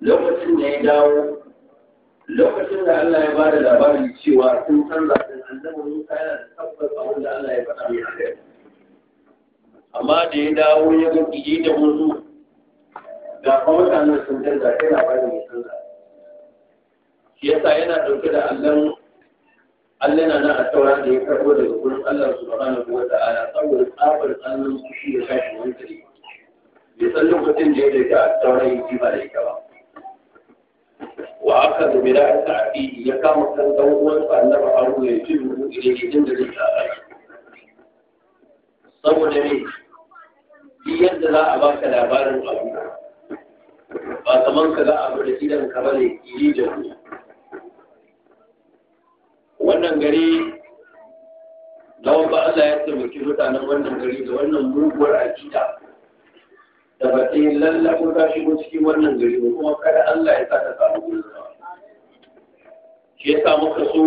lokacin da ya dawo lokacin da Allah ya bada labarin cewa sun san zafin annabi Musa yana da tabbas abin da Allah ya faɗa mai a amma da ya dawo ya ga kije da musu ga kuma mutanen sun canza kai labarin ya canza shi yasa yana ɗauke da allon Allah na nan a saura da ya karɓo daga gurin Allah na wa ta'ala saboda tsabar tsananin kushi da kashin hankali bai san lokacin da ya daga a saurayi ji ba da ita ba wa aka da bida a sa'afi ya kama kan dan uwan sa annaba abu ya ji mu ile gidan da zai tsara saboda ne yadda za a baka labarin abu ba kaman ka ga abu da idan ka bane yi da ku wannan gari lawan ba Allah ya taimaki mutanen wannan gari da wannan muguwar akida da ba ta lalla ko ta shigo cikin wannan gari ba kuma kada Allah ya sa ta samu gurin zama shi yasa muka so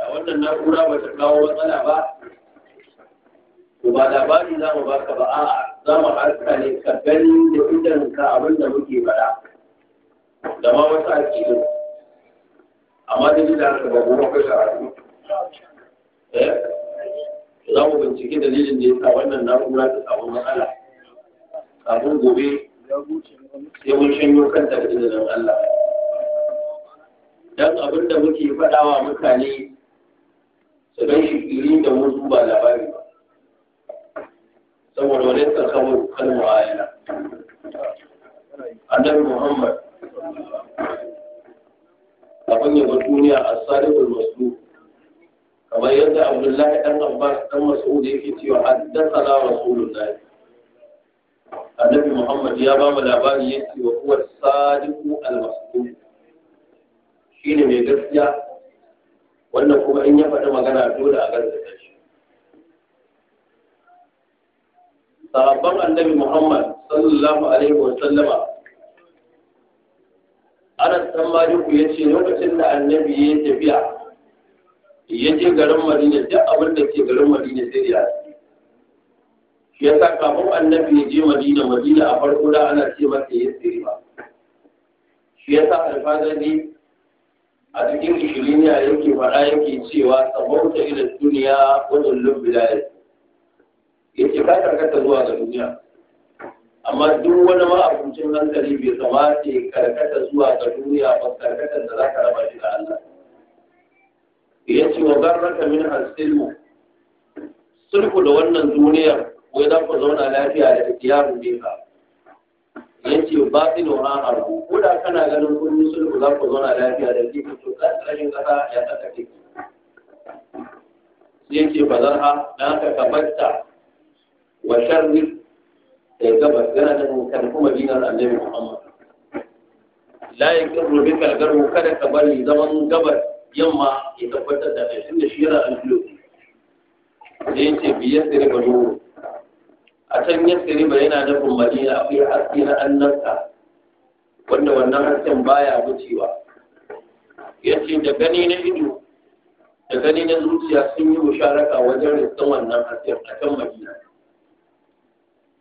da wannan na'ura ba ta kawo matsala ba to ba labari za mu baka ba a'a za mu harka ne ka gani da idan ka abin da muke faɗa da ma wasu aƙidu amma da da aka ba kuma kai karatu eh? za mu bincike dalilin da ya sa wannan na'ura ta samu matsala kafin gobe sai mun shanyo kanta da izinin Allah dan abin da muke faɗawa mutane su gan shi iri da mu ba labari ba saboda wani tsarkamar kalma ayana annabi muhammad abin yaba duniya a sadiqul masu kamar yadda abdullahi dan abbas dan mas'ud yake cewa haddathana rasulullahi annabi muhammad ya ba mu labari ya ce wa kuwa sadiku almasu shi ne mai gaskiya wannan kuma in ya faɗi magana dole a gaskata shi sahabban annabi muhammad sallallahu alaihi wa sallama anas san maliku ya ce lokacin da annabi ya tafiya ya je garin madina duk abin da ke garin madina sai ya Yasa kafin annabi ya je madina madina a farko da ana ce masa ya tsiri ba shi ya sa alfadari a cikin ishiriniya yake faɗa yake cewa sabauta ila duniya wajen lubbila ya ce ka karkata zuwa ga duniya amma duk wani ma'abucin hankali bai kamata ya karkata zuwa ga duniya ba karkata da za ka raba shi da Allah ya ce wa garraka min hasilmu sulhu da wannan duniyar wai za ku zauna lafiya da iyarin ne ba ce ba tsino ha harbu ko da kana ganin kun sulhu za ku zauna lafiya da ke to tsarin kasa ya tsaka take sai yace bazarha na ka kabatta wa sharri da gabas gana da kan kuma dinar annabi Muhammad la yakru bika garu kada ka bari zaman gabas yamma ya tabbatar da kai tunda shi yana alfiyo sai yace biyar da ba. a can yaskari ba yana nufin madina akwai haske na annabta wanda wannan hasken baya wucewa ya ce da gani na ido da gani na zuciya sun yi musharaka wajen riskan wannan hasken a can madina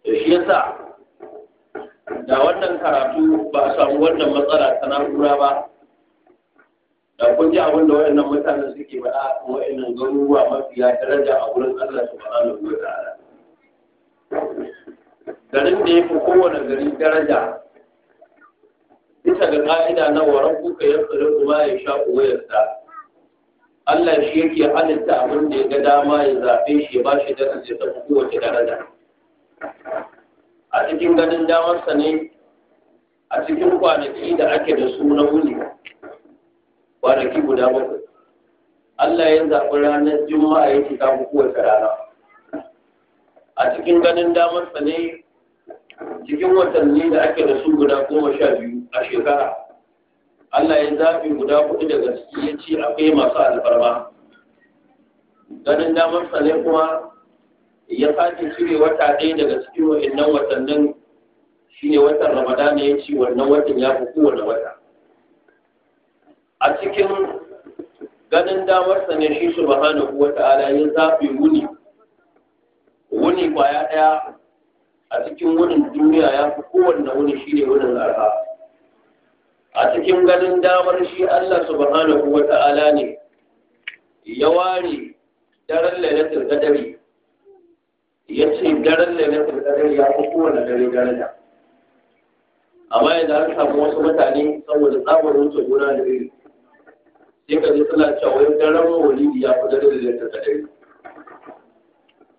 da shi sa, da wannan karatu ba a samu wannan matsala ta na'ura ba da kun ji abin da wayannan mutanen suke faɗa a wayannan garuruwa mafiya daraja a wurin Allah subhanahu wa ta'ala garin da ya fi kowane gari daraja bisa ga ƙa'ida na waran kuka ya tsiri kuma ya sha wayarsa Allah shi yake halitta abin da ya ga dama ya zaɓe shi ya ba shi daraja ta fi kowace daraja a cikin ganin damarsa ne a cikin kwanaki da ake da su na wuni kwanaki guda bakwai Allah ya zaɓi ranar juma'a ya fi ta kowace rana a cikin ganin damar sa ne cikin watanni da ake da su guda goma sha biyu a shekara Allah ya zafi guda hudu daga ciki ya ce akwai masu alfarma ganin damar sa ne kuma ya sake cire wata ɗaya daga cikin wa'annan watannin shine watan ramadana ya ce wannan watan ya fi kowane wata a cikin ganin damar sa ne shi subhanahu ta'ala ya zafi wuni wani kwaya ɗaya a cikin wurin duniya ya fi kowanne wuni shi ne wurin arha a cikin ganin damar shi Allah subhanahu wa ta'ala ne ya ware daren lailatul qadari ya ce daren lailatul qadari ya fi kowanne dare daraja amma yadda an samu wasu mutane saboda tsabar wuce gona da iri sai ka ji suna cewa wai daren mawulidi ya fi daren lailatul qadari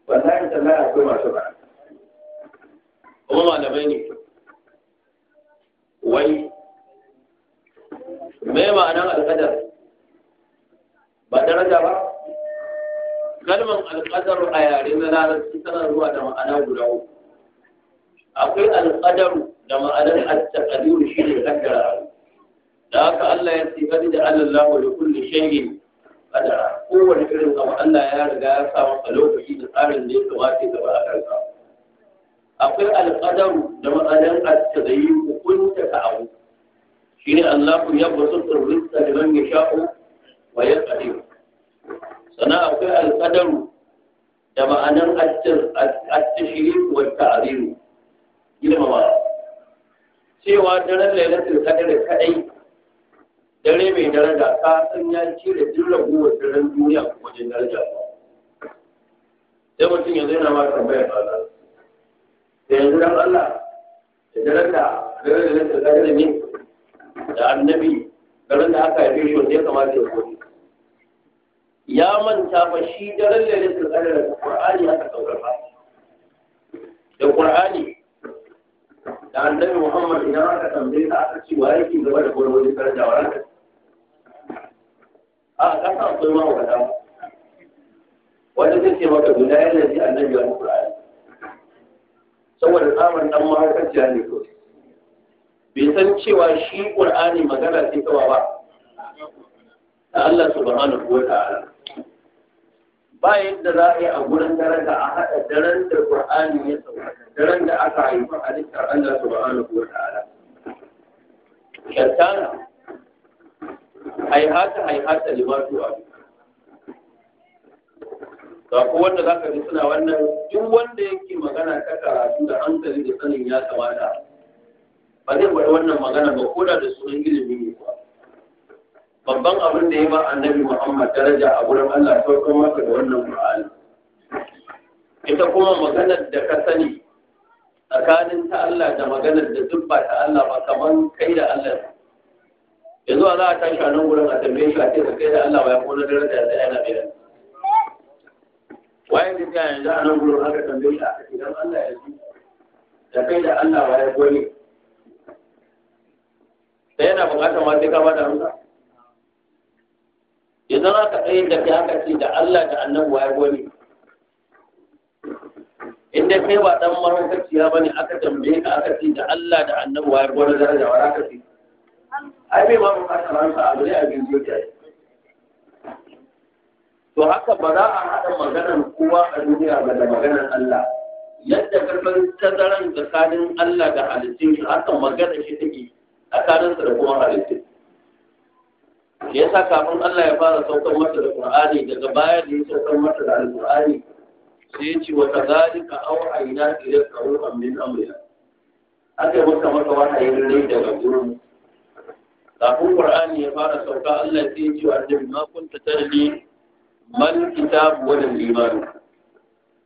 wallahi tallahi akwai masu ba kuma malamai ne wai me ma'anar alƙadar ba daraja ba kalmar alƙadar a yare na larabci tana zuwa da ma'ana guda uku akwai alƙadaru da ma'anar at-taqdir shi ne kaddara da haka Allah ya ce kadi da Allah lahu li kulli shay'in kadara kowane irin abu Allah ya riga ya sa masa lokaci da tsarin da ya kamata ya gaba a kansa akwai alƙadaru da matsalan at-tadayyun hukunta ka abu ne Allah ku yabba basu turrinta da man yasha'u wa yaqdir sana akwai alƙadaru da ma'anar ma'anan at-tashriq wa at-ta'zim ilmama cewa daren lailatul qadr kaɗai. dare mai daraja ka san ya cire ruwa da ran duniya ko wajen daraja sai mutum yanzu yana ma tambayar ba da yanzu dan Allah da daren da daren da ta zai ne da annabi daren da aka haife shi wanda ya kamata ya koyi ya manta ba shi daren da ne ta da Qur'ani aka ba. da Qur'ani da annabi Muhammad idan aka tambaye ka aka ce wa yake gaba da gwargwadon daraja wa ranka a ka san akwai wawata wanda zai ce maka guda yana ji annabi al-qur'ani saboda tsabar dan mahaifiyar ne kawai bai san cewa shi qur'ani magana ce kawai ba da Allah subhanahu wa ta'ala ba yadda za a yi a gurin daren da a haɗa daren da Qur'ani ya sauka daren da aka haifa a halittar Allah subhanahu wa ta'ala shaitana haihata haihata limatu a ga ko wanda za ka ji suna wannan duk wanda yake magana ta karatu da hankali da sanin ya kamata ba zai bari wannan magana ba ko da da sunan ilimi ne ba babban abin da ya ba annabi muhammad daraja a wurin allah saukar maka da wannan qur'ani ita kuma maganar da ka sani tsakanin ta allah da maganar da duk ba ta allah ba kamar kai da allah yanzu a za a tashi a nan gurin a tambaye shi a ce kai da Allah ya kona dare da yasa yana biyar. waye da ta yanzu a nan gurin aka tambaye shi a ce dan Allah ya ji da kai da Allah ya kone sai yana bukatar ma sai kama da rusa. yanzu aka tsaye da kai aka ce da Allah da annabi ya kone inda kai ba dan ba bane aka tambaye ka aka ce da Allah da annabi ya kone daraja wa aka ce ai bai ma bukatar ransa a zuri a biyu to haka ba za a haɗa maganar kowa a duniya ba da maganar Allah yadda karɓar tazaran tsakanin Allah da halittun shi haka maganar shi take tsakaninsa da kuma halittun shi yasa kafin Allah ya fara saukar mata da Qur'ani daga baya da ya saukar mata da Al-Qur'ani sai ya ce wa kadhalika awhayna ilayka ruhan min amrina aka yi maka mata wahayin rai daga gurin kafin qur'ani ya fara sauka Allah ya ce wa annabi ma kunta tadri mal kitab wa iman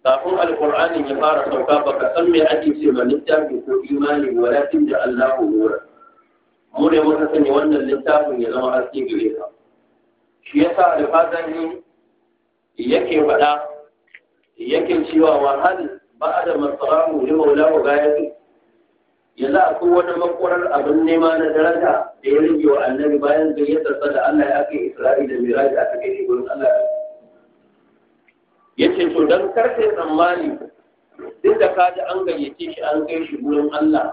kafin alqur'ani ya fara sauka baka san me ake ce ba littafi ko imani walakin da Allah nura mu ne muka sani wannan littafin ya zama aski gare ka shi yasa alfazani yake faɗa yake cewa wa hal ba'da masarahu li maulahu gayatu yanzu akwai wani makwarar abin nema na daraja da ya rage wa annabi bayan gayyatar sa da Allah ya kai Isra'i da Miraji aka kai shi gurin Allah ya ce to don karfe tsammani duk da ka ji an gayyace shi an kai shi gurin Allah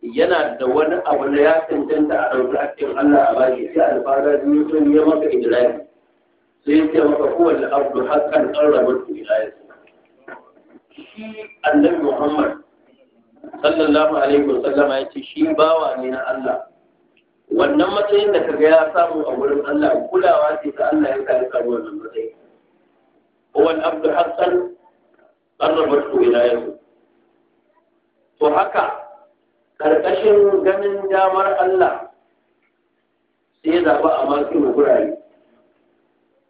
yana da wani abu da ya cancanta a ɗauki hakkin Allah a bashi sai alfara biyu sun yi maka Isra'i sai ya ce maka kowanne abu haƙƙan ƙarrabar su Isra'i shi annabi Muhammad sallallahu alaihi wa sallama ya ce shi bawa ne na Allah wannan matsayin da kaga ya samu a wurin Allah kulawa ce ta Allah ya kai ya samu wannan matsayi wal abdu haqqan qarrabatu ilayhi to haka karkashin ganin damar Allah sai zaɓa a masu gurai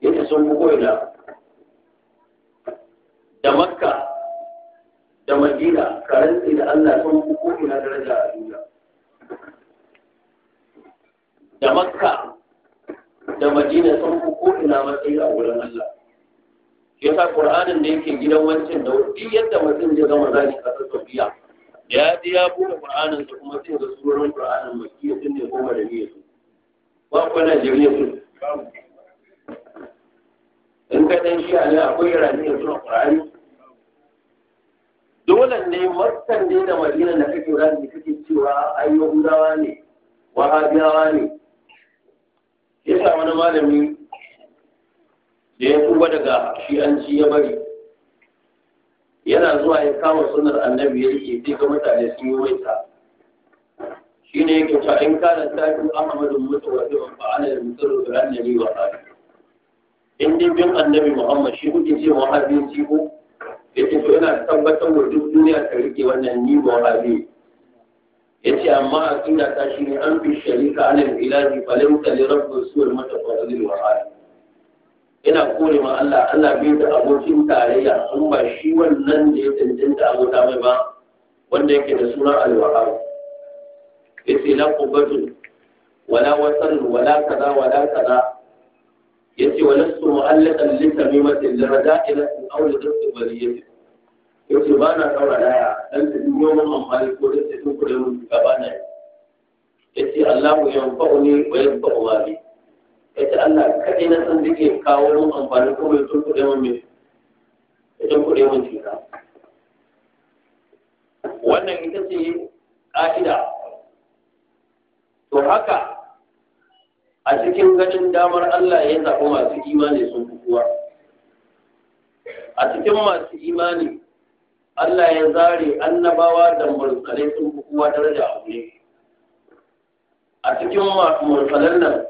yake sun fi koyi da makka da madina Karanti da Allah sun fi ko'ina daraja a duniya da makka da madina sun fi ko'ina matsayi a wurin Allah ya sa ƙur'anin da yake gidan wancan da wani yadda mutum zai zama zani ƙasar saudiya da ya ji ya buɗe ƙur'anin da kuma sai ga surorin ƙur'anin makkiya sun ne goma da su ba kuwa najeriya su in ka ɗan shi a ne akwai iraniya suna ƙur'ani dole ne makkan ne da madina da kake rani da kake cewa ai yahudawa ne wahabiyawa ne yasa wani malami da ya tuba daga shi'anci ya bari yana zuwa ya kama sunar annabi ya rike sai ga mutane sun yi waita shi ne yake cewa in kana tafi ahmadu mutu wa ibn fa'ala da mutar da annabi wa sahabi in dai bin annabi muhammad shi kuke ce wahabi ko ya kuma yana tabbatar wa duk duniya ta rike wannan ni ba wahabi ya ce amma a kila ta shi ne an fi sharika anan ilahi falau ta li rabbu suwar mata fadil wahabi ina kore ma Allah Allah bai da abokin tarayya an ba shi wannan da ya tantance abota mai ba wanda yake da sunan alwahab ya ce na qubatun wala wasan wala kaza wala kaza yace wa lastu mu'allaqan li tamimatin daraja'in aw li dhikri waliyatin yace ba na kaura daya dan ta dubo mun amfani ko da ta dubo da mun gaba na yace Allah ya yanfa'uni wa yanfa'u wali yace Allah kadai na san dake kawo mun amfani ko mai tunku da mun mai idan kuɗe mun cuta wannan ita ce ƙa'ida to haka a cikin ganin damar Allah ya zaɓi masu imani sun fi kowa a cikin masu imani Allah ya zare annabawa da mursalai sun fi kowa daraja a wuri a cikin mursalan nan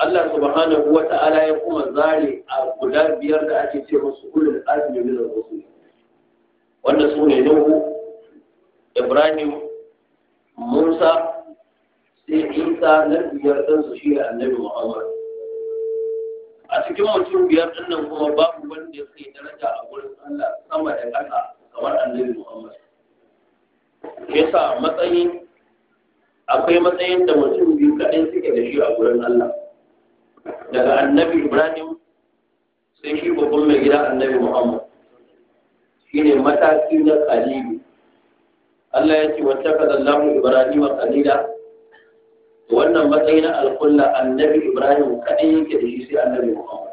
Allah subhanahu wa ta'ala ya kuma zare a guda biyar da ake ce musu ulul azmi min ar-rusul wanda su ne Nuhu Ibrahim Musa sai isa na biyar ɗansu shi ne annabi muhammad a cikin mutum biyar ɗin nan kuma babu wanda ya kai daraja a wurin allah sama da ƙasa kamar annabi muhammad yasa matsayin akwai matsayin da mutum biyu kaɗai suke da shi a wurin allah daga annabi ibrahim sai shi babban mai gida annabi muhammad shi ne mataki na kalibi Allah ya ce wata kaza Allahu Ibrahim kalila wannan matsayi na alƙulla annabi ibrahim kaɗai yake da shi sai annabi muhammad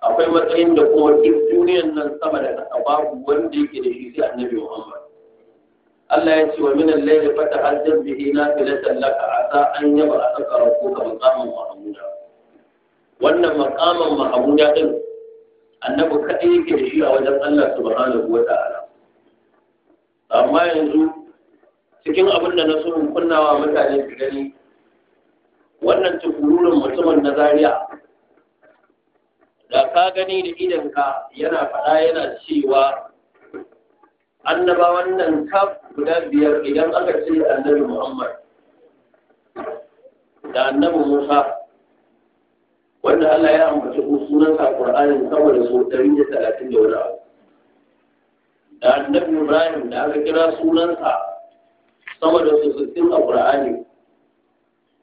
akwai matsayin da kuma duk duniyan nan sama da ƙasa babu wanda yake da shi sai annabi muhammad Allah ya ce wa min al-layli fatahajjab bihi nafilatan laka asa an yaba yab'athaka rabbuka maqaman mahmuda wannan maqaman mahmuda din annabi kaɗai yake da shi a wajen Allah subhanahu wa ta'ala amma yanzu cikin abin da na so kunnawa mutane su gani wannan tukururin mutumin na Zariya. da ka gani da idanka yana faɗa yana cewa Annaba wannan kaf guda biyar idan aka ce annabi muhammad da annabi musa wanda allah ya ambaci sunansa ƙur'anin sama da sau ɗari da talatin da wani abu da annabi ibrahim da aka kira sunansa sama da sosai a Qur'ani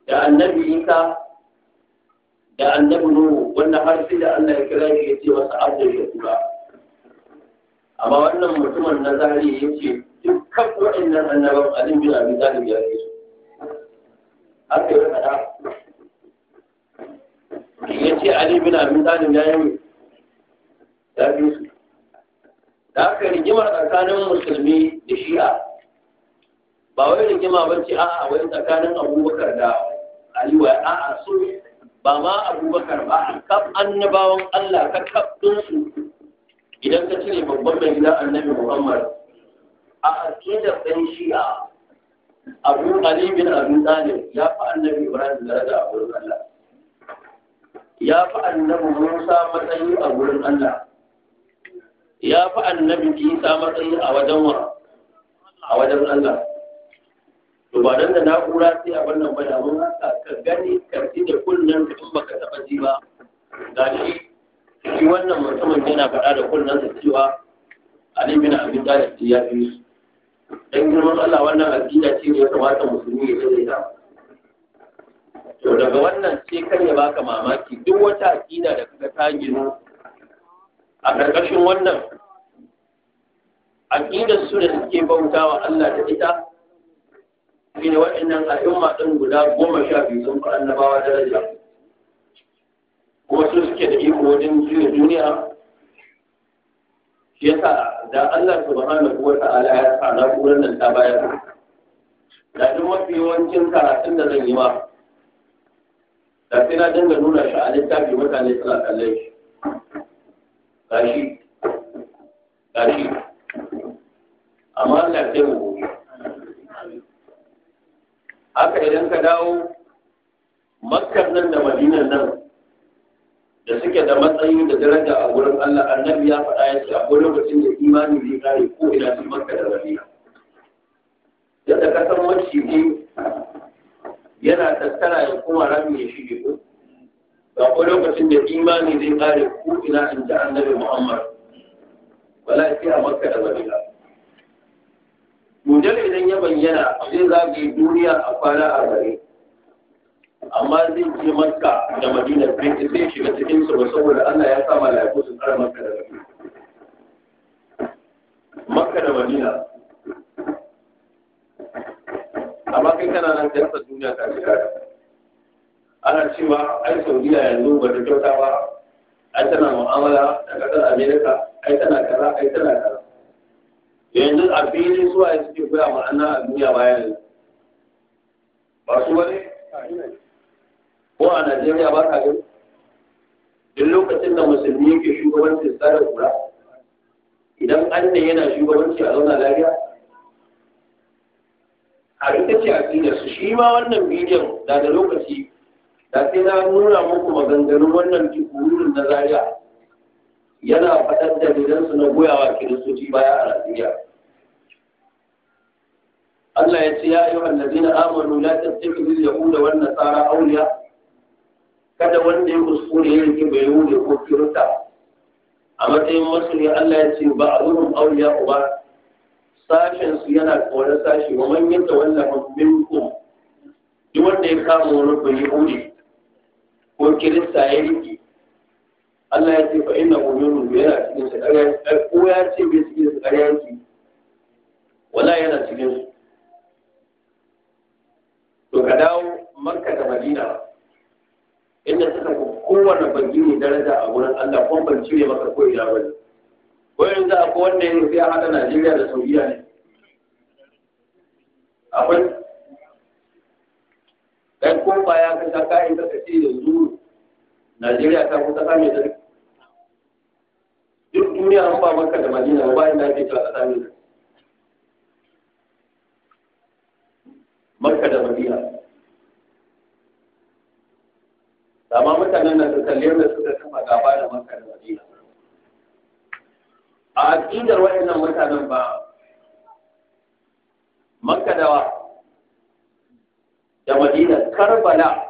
da annabi Isa da annabi Nuhu wanda har sai da Allah ya kira shi ya ce masa abdul ba. amma wannan mutumin na zahiri ya ce dukkan waɗannan annaban alim bin abi talib ya ce su haka ya faɗa ya ce ali bin abi talib ya yi ya fi su da aka rigimar tsakanin musulmi da shi'a ba wai da kima ba ce a'a wai tsakanin abubakar da aliwa a'a so ba ma abubakar ba a kaf annabawan Allah ka kaf ɗinsu idan ka cire babban mai gida annabi Muhammad a aƙidar ɗan shi'a abu ali bin abu talib ya fi annabi ibrahim da a wurin Allah ya fi annabi musa matsayi a wurin Allah ya fi annabi isa matsayi a wajen wa a wajen Allah to ba da na'ura sai a wannan ba da mun haka ka gani karfi da kullun da in ka taba ji ba ga shi shi wannan mutumin yana faɗa da kullun da cewa Ali bin Abi Talib ya yi dan girman Allah wannan addini ce ne ya kamata musulmi ya yi ta to daga wannan sai kan ya baka mamaki duk wata aƙida da kaga ta gino a ƙarƙashin wannan aƙidar su da suke bautawa Allah da ita shi ne waɗannan al'umma ɗin guda goma sha biyu sun fi annabawa daraja kuma su suke da iko wajen juya duniya shi yasa da Allah subhanahu wa ta'ala ya sa na'urar nan ta bayar da duk mafi yawancin karatun da zan yi ma da sai na dinga nuna shi a littafi mutane suna kallon shi gashi gashi amma Allah ya mu haka idan ka dawo makkar nan da madinar nan da suke da matsayi da daraja a wurin Allah annabi ya faɗa ya ce akwai lokacin da imani zai kare ko ina cikin makka da madina yadda ka san ne yana tattara ya kuma rami ya shige ko ga akwai lokacin da imani zai kare ko ina cikin annabi muhammad wala sai a makka da madina dujal idan ya bayyana zai zagaye duniya a kwana gare. amma zai je maka da madina bai zai shiga cikin su saboda Allah ya sa malaiku su tsara maka da gari. makka da madina amma kai kana nan siyasar duniya ta shiga ana cewa ai saudiya yanzu ba ta kyauta ba ai tana mu'amala da ƙasar amerika ai tana kaza ai tana kaza yanzu a fili su a suke koya ma'ana ana a duniya bayan ba su ba ne ko a najeriya ba ka gani duk lokacin da musulmi yake shugabancin tsarin kura idan an ne yana shugabanci a zauna lafiya a ita ce aƙidar su shi ma wannan bidiyon da da lokaci da sai na nuna muku maganganun wannan kikururin na zaria yana faɗar gidansu na goyawa kiristoci baya a Najeriya. Allah ya ce ya yi nazi na amonu la tattakin da wannan tsara auliya kada wanda ya kuskure ya rike bai yahuda ko kirista a matsayin wasu ne Allah ya ce ba a wurin auliya uba sashensu su yana kawar sashi wa manyan da wallafa ko duk wanda ya kama wani bai yahuda ko kirista ya rike Allah ya ce fa inna mu'minu yana cikin su ƙarya ko ya ce bai cikin su ƙarya wala yana cikin su to ka dawo Makka da Madina inda suka fi kowane bangine daraja a wurin Allah kuma ban cire maka ko ina bane ko yanzu akwai wanda yanzu sai haɗa Najeriya da Saudiya ne akwai dan ko baya ka saka in ka ce yanzu Najeriya ta kusa kame da duniya an ba maka da madina ba inda ake kira ƙasa ne makka da madina amma mutanen da su kalli da suka kafa gaba da makka da madina a aƙidar waɗannan mutanen ba makka da wa da madina karbala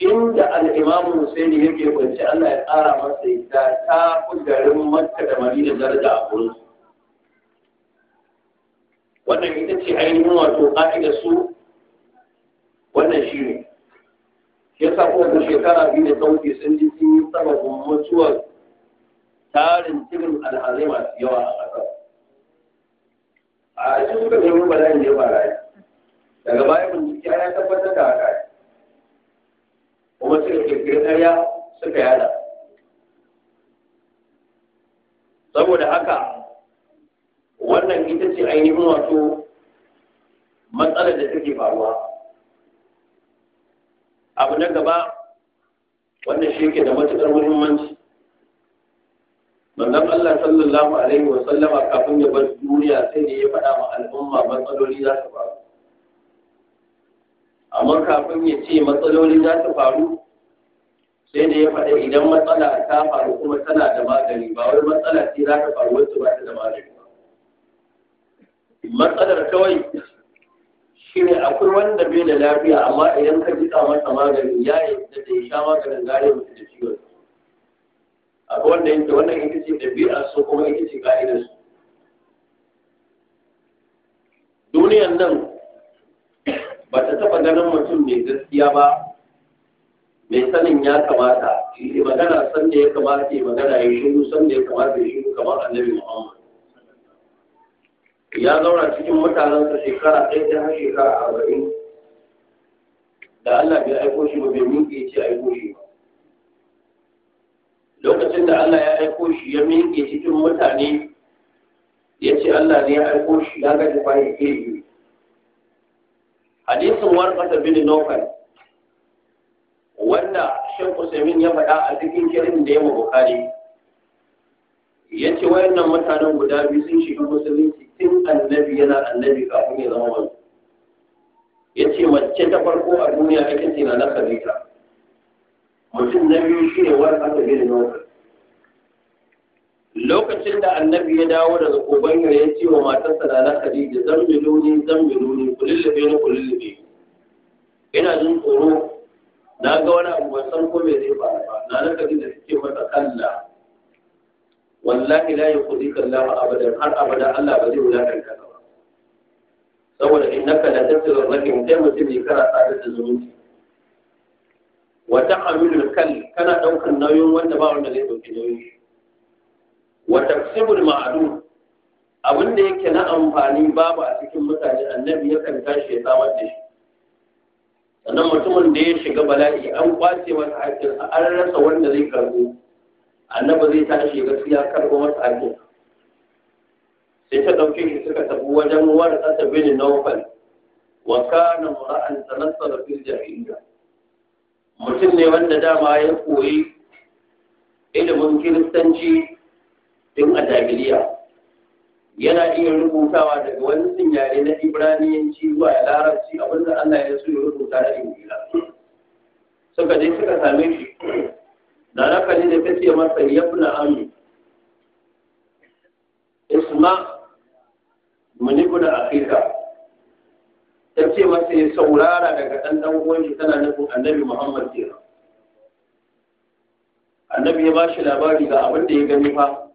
inda al'imamu Husaini yake kwanci Allah ya tsara masa ita ta kudarin garin da Madina daraja a gurin wannan ita ce ainihin wato da su wannan shi ne ya sa kuma shekara biyu da ta sun ji sun yi sababin mutuwar tarin cikin alhazai masu yawa a ƙasar a cikin suka nemi bala'in da ya bara daga baya bincike ya tabbatar da haka wasu suka kirkiri ƙarya suka yada saboda haka wannan ita ce ainihin wato matsalar da take faruwa abu na gaba wanda shi ke da matuƙar muhimmanci manzon Allah sallallahu alaihi wa sallama kafin ya bar duniya sai da ya faɗa ma al'umma matsaloli za su faru amma kafin ya ce matsaloli za su faru sai ne ya faɗa idan matsala ta faru kuma tana da magani ba wani matsala ce za ta faru wacce ba ta da magani ba matsalar kawai shi ne akwai wanda bai da lafiya amma idan ka jika masa magani ya yi da yi sha maganin gare mutu da ciwon akwai wanda yake wannan ita ce ɗabi'a su kuma ita ce ka'idar su duniyan nan ba ta taɓa ganin mutum mai gaskiya ba mai sanin ya kamata yi magana san da ya kamata yi magana ya shiru san da ya kamata ya shiru kamar annabi muhammad ya zauna cikin mutanensa shekara ɗaya ta har shekara arba'in da allah bai aiko shi ba bai miƙe ce aiko shi ba lokacin da allah ya aiko shi ya miƙe cikin mutane ya ce allah ne ya aiko shi ya gaji bayan ke yi hadisin warƙasa bin naukan wanda shan usaimin ya faɗa a cikin kirin da ya ne ya ce wayannan mutanen guda biyu sun shiga musulunci tun annabi yana annabi kafin ya zama wani ya ce mace ta farko a duniya ake ce na nasarita mutum na biyu shi ne wani aka bi da lokacin da annabi ya dawo daga kogon ya ce wa matarsa da zan biyu ne zan biyu ne kulillabe ni kulillabe ina jin tsoro na ga wani abu mai san ko me zai ba na raka da suke masa kalla wallahi la yuqdi kallahu abadan har abada Allah ba zai wulakanta ka ba saboda innaka la tasiru rahim kai mutum ne kana sadar da zumunci wa ta'amilu kal kana daukar nauyin wanda ba wanda zai dauki nauyi. wa taksibul ma'lum abin da yake na amfani babu a cikin mutane annabi yakan tashi ya samar da shi sannan mutumin da ya shiga bala'i an kwace masa haƙƙin an rasa wanda zai karbo annabi zai tashi gaskiya karbo masa hakin sai ta dauke shi suka tafi wajen warasa bin nawfal wa kana mura'an tanassara fil jahiliya mutum ne wanda dama ya koyi ilimin kiristanci din a jahiliya yana iya rubutawa daga wani yare na ibraniyanci zuwa ya larabci abinda Allah ya so ya rubuta da injila suka je suka same shi da raka ne da kace masa yabna na'ami isma da afirka ta ce masa ya saurara daga ɗan ɗan tana nufin annabi muhammad kenan annabi ya ba shi labari ga abin da ya gani fa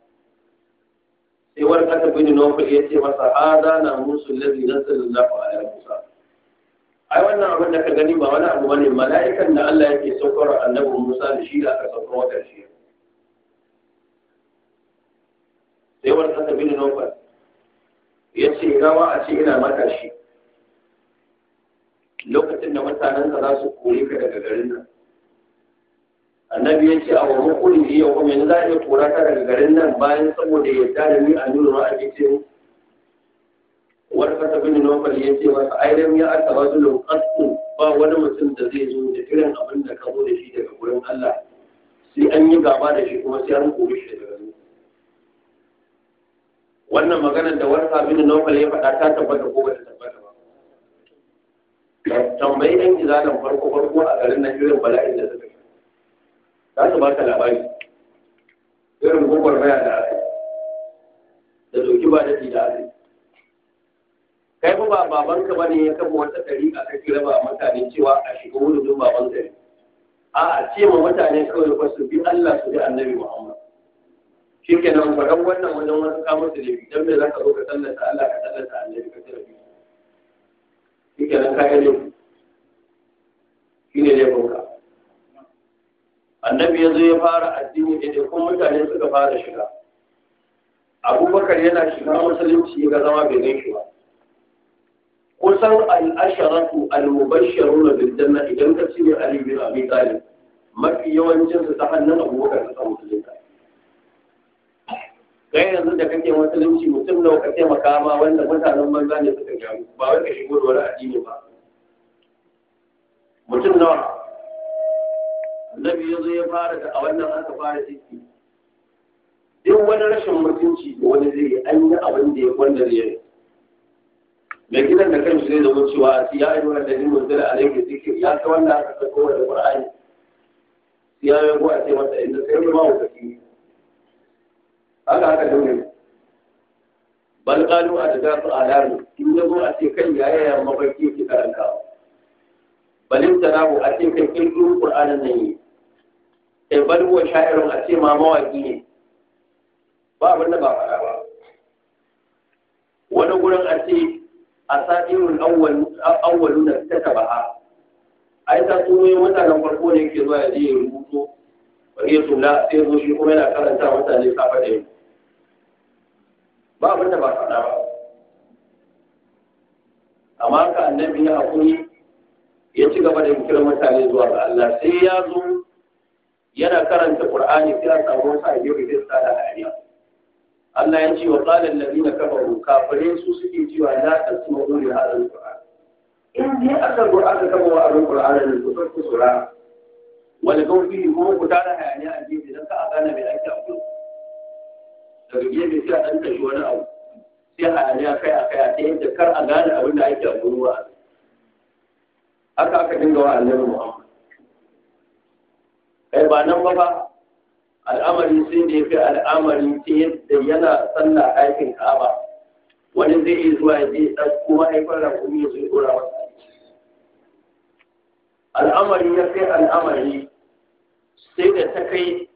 sai wani kasa bin nufin ya ce masa hada na musu lazi na sallallahu alaihi wasallam ai wannan abin da ka gani ba wani abu bane mala'ikan da Allah yake saukar annabi Musa da shi da aka saukar wa shi sai wani kasa bin nufin ya ce gawa a ce ina matashi lokacin da mutanen ka za su kore ka daga garin nan annabi ya ce a wa hukuli bi yau kuma yanzu za a iya kora ta daga garin nan bayan saboda ya da ni a nuna ma'aikacin wani ta bin nufal ya ce ai dan ya aka su lokacin ba wani mutum da zai zo da irin abin da ka zo da shi daga gurin Allah sai an yi gaba da shi kuma sai an kore shi daga nan. wannan maganar da wani sabin nufal ya faɗa ta tabbata ko bata tabbata ba tambayi ɗan izalan farko farko a garin nan irin bala'in da suka za su baka labari irin gugwar maya da ake da doki ba da da ake kai ba babanka ba ne ya kafa wata a kai raba mutane cewa a shiga wurin baban gari a'a ce ma mutane kawai ba su bi Allah su bi annabi Muhammad shi ke nan faɗan wannan wajen wasu kamar su ne don me za ka zo ka tallata Allah ka tallata annabi ka tara shi ke nan kayan yau. shi ne bauka annabi ya zo ya fara addini da dai kuma mutane suka fara shiga abubakar yana shiga musulunci ga zama bai gan shi ba kusan al'asharatu al-mubashsharuna na janna idan ka cire ali bin abi talib mafi yawancin su ta hannun abubakar su musulunta kai yanzu da kake musulunci mutum nawa ka taimaka ma wanda mutanen banza ne suka gyaru ba wai ka shigo da wani addini ba mutum nawa annabi ya zo ya fara da a wannan aka fara ciki duk wani rashin mutunci da wani zai yi an yi abin da ya kwanda ne mai gidan da kan zai da wucewa, a siya yi da ne mun a alaihi ciki ya ta wanda aka sako wa da qur'ani siya yi ko ce masa inda sai yi wa kaki haka haka dole bal qalu a da su alamu in ya zo a ce kan yaya ya mafarki ki karanta balin tarabu a ce kan kirkin ƙur'anin nan yi in eh, wani sha'irun a ce ma mawaƙi ne ba abin da ba faɗa ba wani gurin a ce a sa'irin awwalu na ta taba a yi ta tuno mutanen farko ne ke zuwa yaje yin ya rubuto bari ya tula sai zo shi kuma yana karanta mutane safa da yau ba abin da ba faɗa ba amma haka annabi ya haƙuri ya ci gaba da kiran mutane zuwa ga Allah sai ya zo yana karanta Qur'ani sai a samu wasu ayyuka rijista da hariya Allah ya ce wa qala allazina kafaru kafirin su suke cewa la tasma'u li hadha al-Qur'an in dai aka zo aka kama wa arun Qur'ani da su farko sura wal gawfi kuma ku tara hayaniya a gefe idan ka gane mai ake a kullum daga gefe sai a dan tashi wani abu sai hayaniya kai a kai a ta yadda kar a gane abin da ake a haka aka dinga wa annabi Muhammad Ai ba nan ba ba al'amari sun da ya fi al'amari ta yadda yana sallah aikin kaba wani zai iya zuwa ya je kuma haifar da kuma ya zai ɗora masa al'amari ya fi al'amari sai da ta kai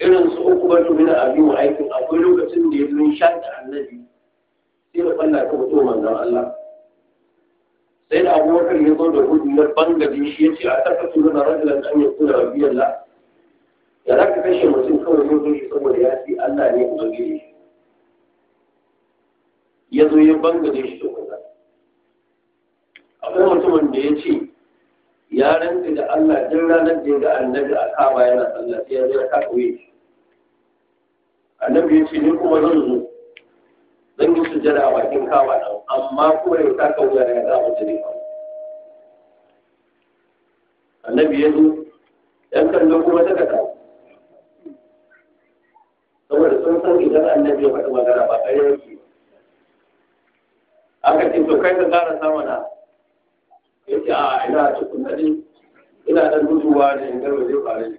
irin su uku ba tumi na abin aikin akwai lokacin da ya zo sha da annabi sai da kwallaka mutum manzon Allah sai da abubakar ya zo da hudu na bangare shi ya ce a ƙarƙa su zama rajulan an ya kuna wa biyan la Da za ka kashe mutum kawai ya zo shi saboda ya ce Allah ne kuma zage shi ya zo ya bangare shi da kuka akwai mutumin da ya ce ya ranta da Allah din ranar da ga annabi a kaba yana sallah sai ya zo ya kaka wuye annabi ya ce ni kuma zan zo zan yi sujjada a bakin kawa nan amma kuma ya ta wuya ya ga mu jiri annabi ya zo yan kallo kuma ta kada saboda sun san idan annabi ya faɗi magana ba ƙarya yake aka ce to kai ka ƙara sama na ya ce a ina cikin hadin ina da guduwa da in garba zai faru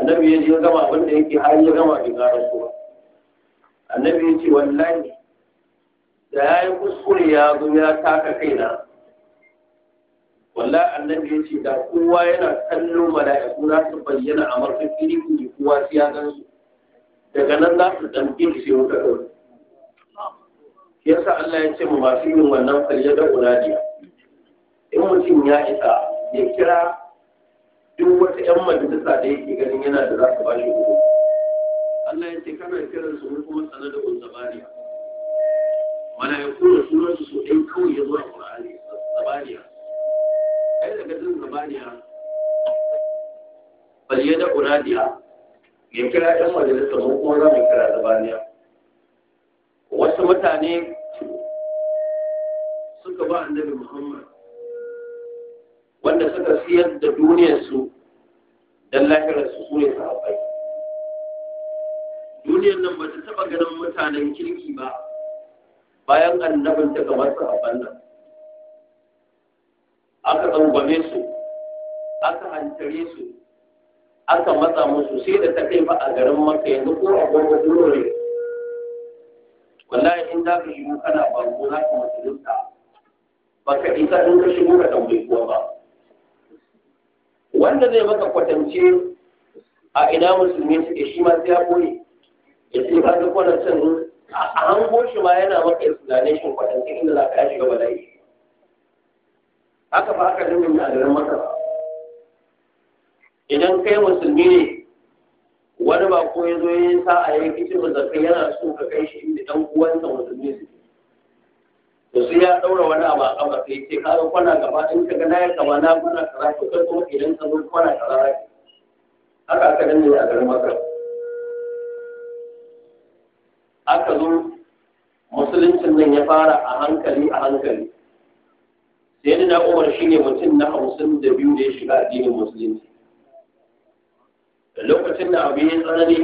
annabi ya ya gama abin da yake har ya gama bai ƙara kowa annabi ya ce wallahi da ya yi kuskure ya zo ya taka kaina wallahi annabi ya ce da kowa yana kallon mala'iku na su bayyana a marfin kiri kowa su ya gan su daga nan za su dan su yi wuta Ya sa Allah ya ce mu masu yin wannan falye da unadiya in mutum ya isa ya kira duk wata 'yan majalisa da yake ganin yana da za su ba shi hukunci Allah ya ce kana kiran su kuma sana da kun zabaniya ya da sunan su so kawai ya zo a Qur'ani zabaniya ai daga cikin zabaniya bal yada unadiya ya kira ɗan majalisa mu kuma za mu kira zabaniya wasu mutane suka ba annabi Muhammad wanda suka siyar da duniyarsu don lafiyarsu su ne sahabbai duniyar nan ba ta taɓa ganin mutanen kirki ba bayan annabin ta kamar a nan aka tsangwame su aka hantare su aka matsa musu sai da ta kai ba a garin maka yanzu ko a gwamnati dole wallahi in za ka shigo kana bango za ka musulunta ba ka isa in ka shigo ka ɗaure kuwa ba wanda zai maka kwatance a ina musulmi suke shi ma sai ya koyi ya ce ba duk wadancan a hango shi ma yana maka yin shi kwatancin inda za ka ya shiga bala'i haka ba aka dinga a garin masa idan kai musulmi ne wani ba ko ya zo ya yi sa'a ya kici mazakai yana so ka kai shi inda dan uwansa musulmi ne. to sai ya daura wani abu a kafa sai ce kaga kwana gaba in ka ga na yi kama na kwana kaza to kai kuma idan ka zo kwana kaza haka aka dinga a garin masa aka zo musuluncin nan ya fara a hankali a hankali sai da umar shi ne mutum na hamsin da biyu da ya shiga addinin musulunci da lokacin da abu ya tsanani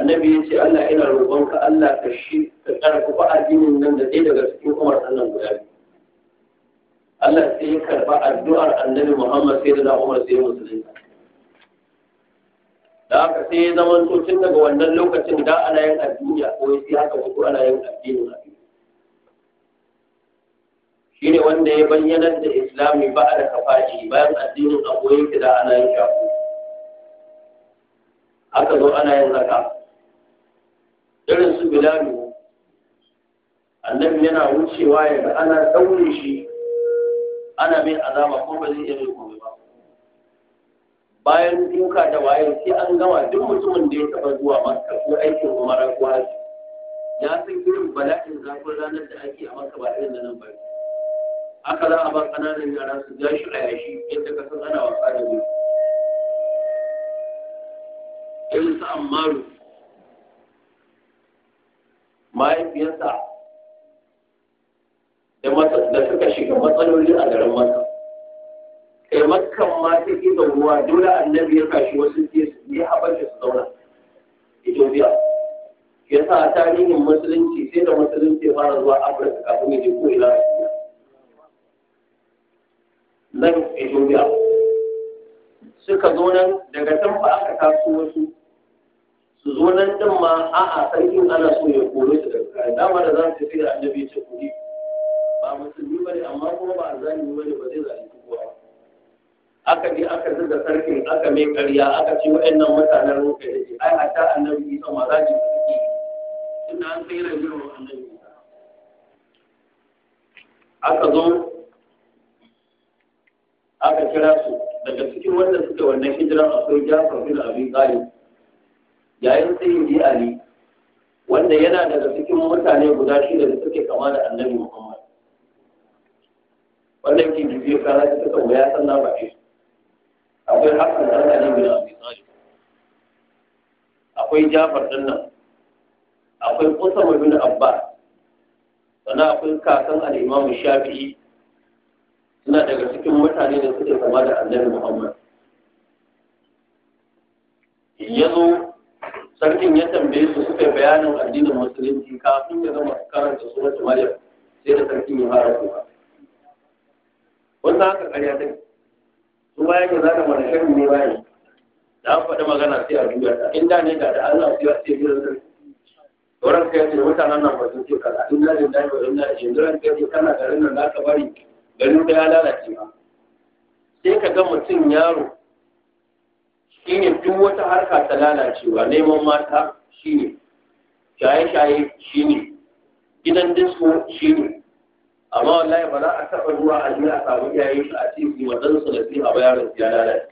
annabi ya ce Allah ina roƙonka Allah ka shi ka karfafa addinin nan da ɗaya daga cikin umar sannan guda biyu Allah sai ya karɓa addu'ar annabi Muhammad sai da umar sai musulunci. da haka sai ya zama tun daga wannan lokacin da ana yin addini a kawai sai haka wato ana yin addinin Shi ne wanda ya bayyana da islami ba da kafaji bayan addinin a koyi da ana yin shafu aka zo ana yin zaka irin su bilalu annabi yana wucewa ya ga ana daure shi ana mai azama ko ba zai iya mai komai ba bayan duka da waye sai an gama duk mutumin da ya taɓa zuwa maka ko aikin ko haji ya san irin bala'in zafin ranar da ake a maka ba irin da nan ba haka za a ba ƙananan yara su ja shi a yashi yadda ka san ana wasa da wuri irin su ammaru mahaifiyarsa da suka shiga matsaloli a garin masa kai makkan ma ta ki zauruwa dole annabi ya kashi wasu ke su yi haɓar su zauna ethiopia ya sa a tarihin musulunci sai da musulunci ya fara zuwa afirka kafin ya je ko ina nan ethiopia suka zo nan daga can ba aka taso wasu su zo nan din ma a'a sarkin ana so ya kore su daga kare dama da za su sai da annabi ya ce kuri ba musulmi ba ne amma kuma ba a zalimi bane ba zai zalimi aka je aka zuga sarkin aka mai karya aka ce waɗannan mutanen roƙe da ke. ai ta annabi isa ma za ki suke inda an sai ran wa annabi isa aka zo aka kira su daga cikin wanda suke wannan hijiran akwai jafar bin abin talib yayin sai yi ali wanda yana daga cikin mutane guda shida da suke kama da annabi muhammad wannan ke bibiyar kana ta san sannan ba su akwai hakan dan ali bin abi talib akwai jafar din nan akwai usama bin abbas sannan akwai kakan al-imam shafi'i suna daga cikin mutane da suke kama da annabi muhammad ya zo sarkin ya tambaye su suka bayanin addinin musulunci kafin ya zama karanta sunan maryam sai da sarkin ya fara kuma wannan haka ƙarya take su ma yake zaka mana sharri ne bayan. da an faɗi magana sai a juya ta in da ne da da Allah sai ya ce gidan sarki sauran kai ce mutanen nan ba sun ce kaza in da ne da ba in da ne da kai ce kana garin nan za ka bari garin da ya lalace ba sai ka ga mutum yaro shi ne duk wata harka ta lalacewa neman mata shi ne shaye-shaye shi ne gidan disko shi ne amma wallahi ba za a taɓa ruwa a ji a samu iyayen shi a cikin wajen su da fi a bayarin ya lalace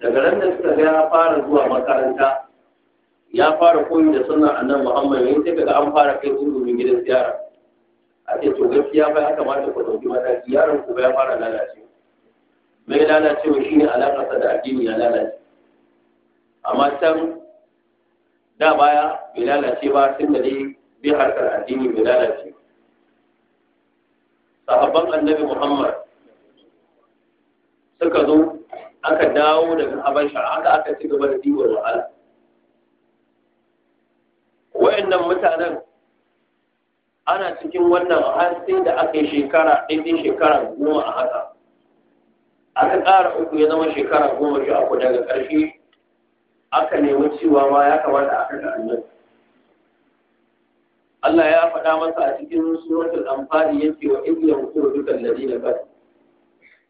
daga nan da suka ga ya fara zuwa makaranta ya fara koyi da sunan annan muhammad yayin sai kaga an fara kai su domin gidan ziyara a ce to gaskiya ba ya kamata ku ɗauki mataki yaron ku ya fara lalace mai lalacewa shine alaƙarsa da addini ya lalace amma can da baya bai lalace ba tun da dai bai harkar addini bai lalace sahabban annabi Muhammad suka zo aka dawo daga Habasha haka aka ci gaba da diwar wahala wayannan mutanen ana cikin wannan har sai da aka yi shekara ɗaiɗai shekara goma a haka aka ƙara uku ya zama shekara goma sha uku daga ƙarshe aka nemi cewa ma ya kamata aka ga annabi Allah ya faɗa masa a cikin suratul anfal yake wa in yamkuru bika alladhina kafaru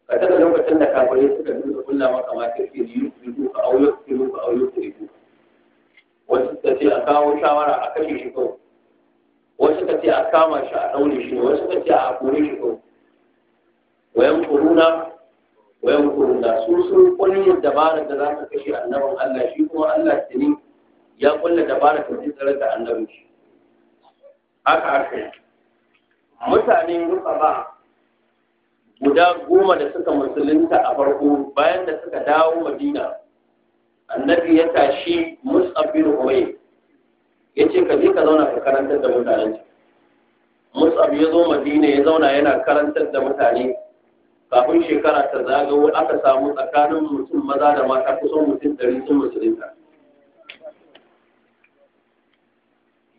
ka daga lokacin da kafirai suka dinga kulla maka ma kake yi yusu ka auyo yusu ka auyo yusu wasu ta ce a kawo shawara a kashe shi kawai wasu ta ce a kama shi a ɗaure shi wasu ta ce a kore shi kawai wayan kuruna wayan kuruna su sun kulle dabarar da za ka kashe annabin Allah shi kuma Allah tuni ya kulle dabarar da zai tsare da annabin shi haka aka yi mutanen ba guda goma da suka musulunta a farko bayan da suka dawo madina annabi ya tashi musabbin bin ya ce ka je ka zauna ka karantar da mutanen mus'ab ya zo madina ya zauna yana karantar da mutane kafin shekara ta zagawo aka samu tsakanin mutum maza da mata kusan mutum ɗari sun musulunta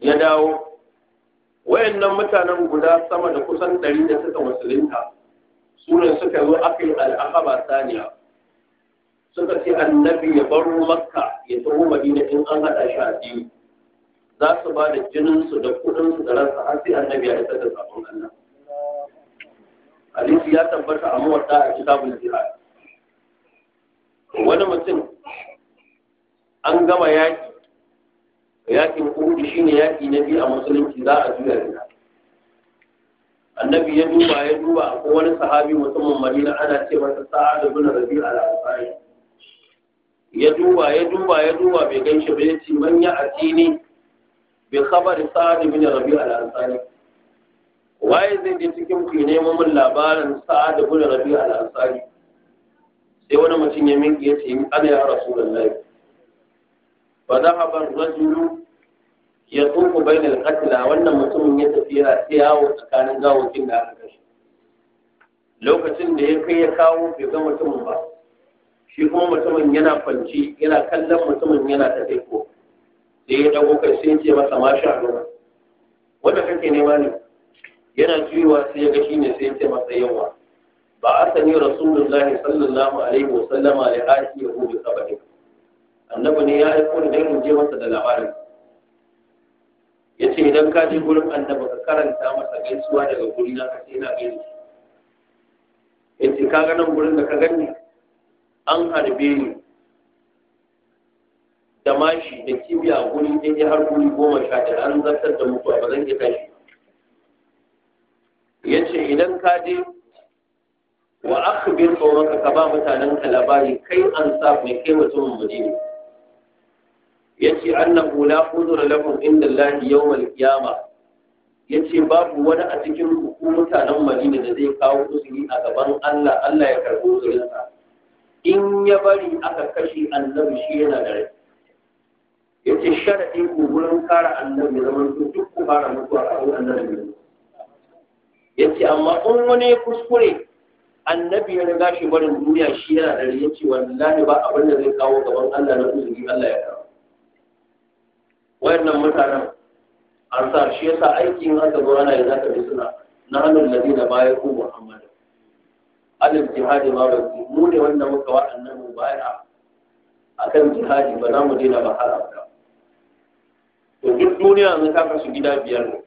ya dawo wayannan mutanen guda sama da kusan ɗari da suka musulunta sunan suka zo akai ba saniya suka ce annabi ya baro makka ya taho madina in an haɗa shi a biyu za su ba da jininsu da kuɗinsu da ransa har sai annabi ya isa da sabon Allah hadisi ya tabbata a mawadda a kitabul jihad wani mutum an gama yaƙi. yakin uhud shine yaki na biyu a musulunci za a juya da annabi ya duba ya duba ko wani sahabi musamman madina ana ce masa sa'a da bin rabi al ansari ya duba ya duba ya duba bai ganshi ba yace man ya atini bi khabar sa'ad bin rabi al ansari waye zai je cikin ku neman mun labarin sa'ad bin rabi al ansari sai wani mutum ya minki yace ana ya rasulullahi فذهب الرجل يطوف بين القتلى wannan mutumin ya tafi yana yawo tsakanin gawokin da aka kashe lokacin da ya kai ya kawo bai ga mutumin ba shi kuma mutumin yana kwanci yana kallon mutumin yana ta ko sai ya dago kai sai ce masa ma sha ruwa wanda kake nema ne yana juyuwa sai ya ga shine sai ya ce masa yawa ba asani rasulullahi sallallahu alaihi sallama li ahlihi ya bi sabbihi annabi ne ya aiko ni dai mu je masa da labarin yace idan ka je gurin annabi ka karanta masa gaisuwa daga guri na ka sai na gaishe yace ka ga nan gurin da ka gani an harbe ni da mashi da kibiya guri ya har guri goma sha ɗaya an zartar da mutuwa ba zan iya tashi ya ce idan ka je wa akhbir qawmaka ka ba mutanen ka labari kai an sa mai kai mutumin madina yace annahu la udhra lakum inda Allah yawm al-qiyama yace babu wani a cikin ku mutanen Madina da zai kawo uzuri a gaban Allah Allah ya karbi uzurinsa in ya bari aka kashe annabi shi yana da rai yace sharadi ku gurin kare annabi zaman duk ku fara mutuwa a annabi yace amma in wani kuskure annabi ya riga shi barin duniya shi yana da yace wallahi ba abin da zai kawo gaban Allah na uzuri Allah ya kawo wayannan mutanen an sa shi yasa aikin haka zo ana yin haka suna na hannun da bayan ko muhammad alif jihadi ma ba mu ne wanda muka wa annabi baya akan jihadi ba za mu daina ba har abada to duk duniya yanzu ka kasu gida biyar ne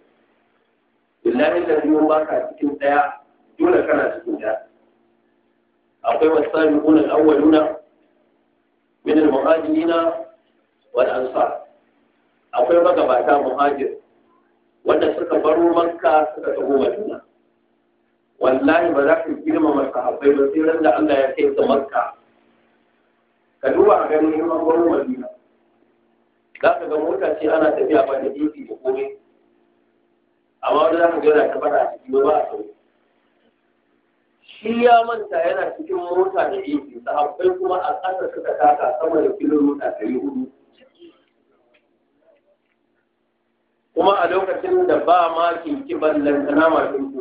billahi da biyu ba ka cikin daya dole kana cikin daya akwai wasabiquna al-awwaluna min al-muhajirin wal ansar akwai magabata muhajir wanda suka baro makka suka tabo madina wallahi ba za ka girmama Akwai ba sai ran da Allah ya kai ka makka ka duba a ganin girman baro madina za ka ga mota ce ana tafiya ba da jiki da komai amma wanda za ka ga ta fada a ba ba a sauri shi ya manta yana cikin mota da jiki sahabbai kuma a ƙasa suka taka sama da kilomita ɗari hudu kuma a lokacin da ba ma kinki ballan kana ma kinki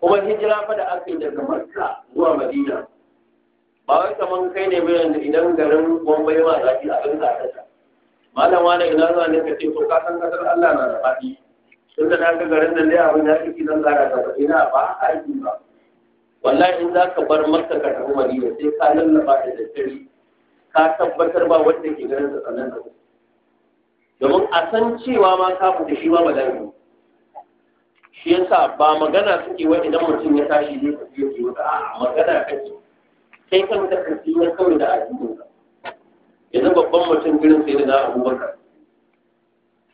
kuma hijira fa da aka yi daga Makka zuwa Madina ba wai kaman kai ne bayan da idan garin Bombay ma za ki a ganka a ta. malam wani ina zuwa ne ka ce to ka san kasar Allah na da faɗi tunda na ga garin da dai abin da kike nan zara ka ina ba a aiki ba wallahi in za ka bar Makka ka tafi Madina sai ka lallaba da daddare ka tabbatar ba wanda ke garin sa sanan da ku domin a san cewa ma kafin da shi ma ba dan shi yasa ba magana suke wai idan mutum ya tashi zai tafi ya ke wata a'a magana kake kai kan ka kasi ya kawai da addinin ka yanzu babban mutum girin sai da abubakar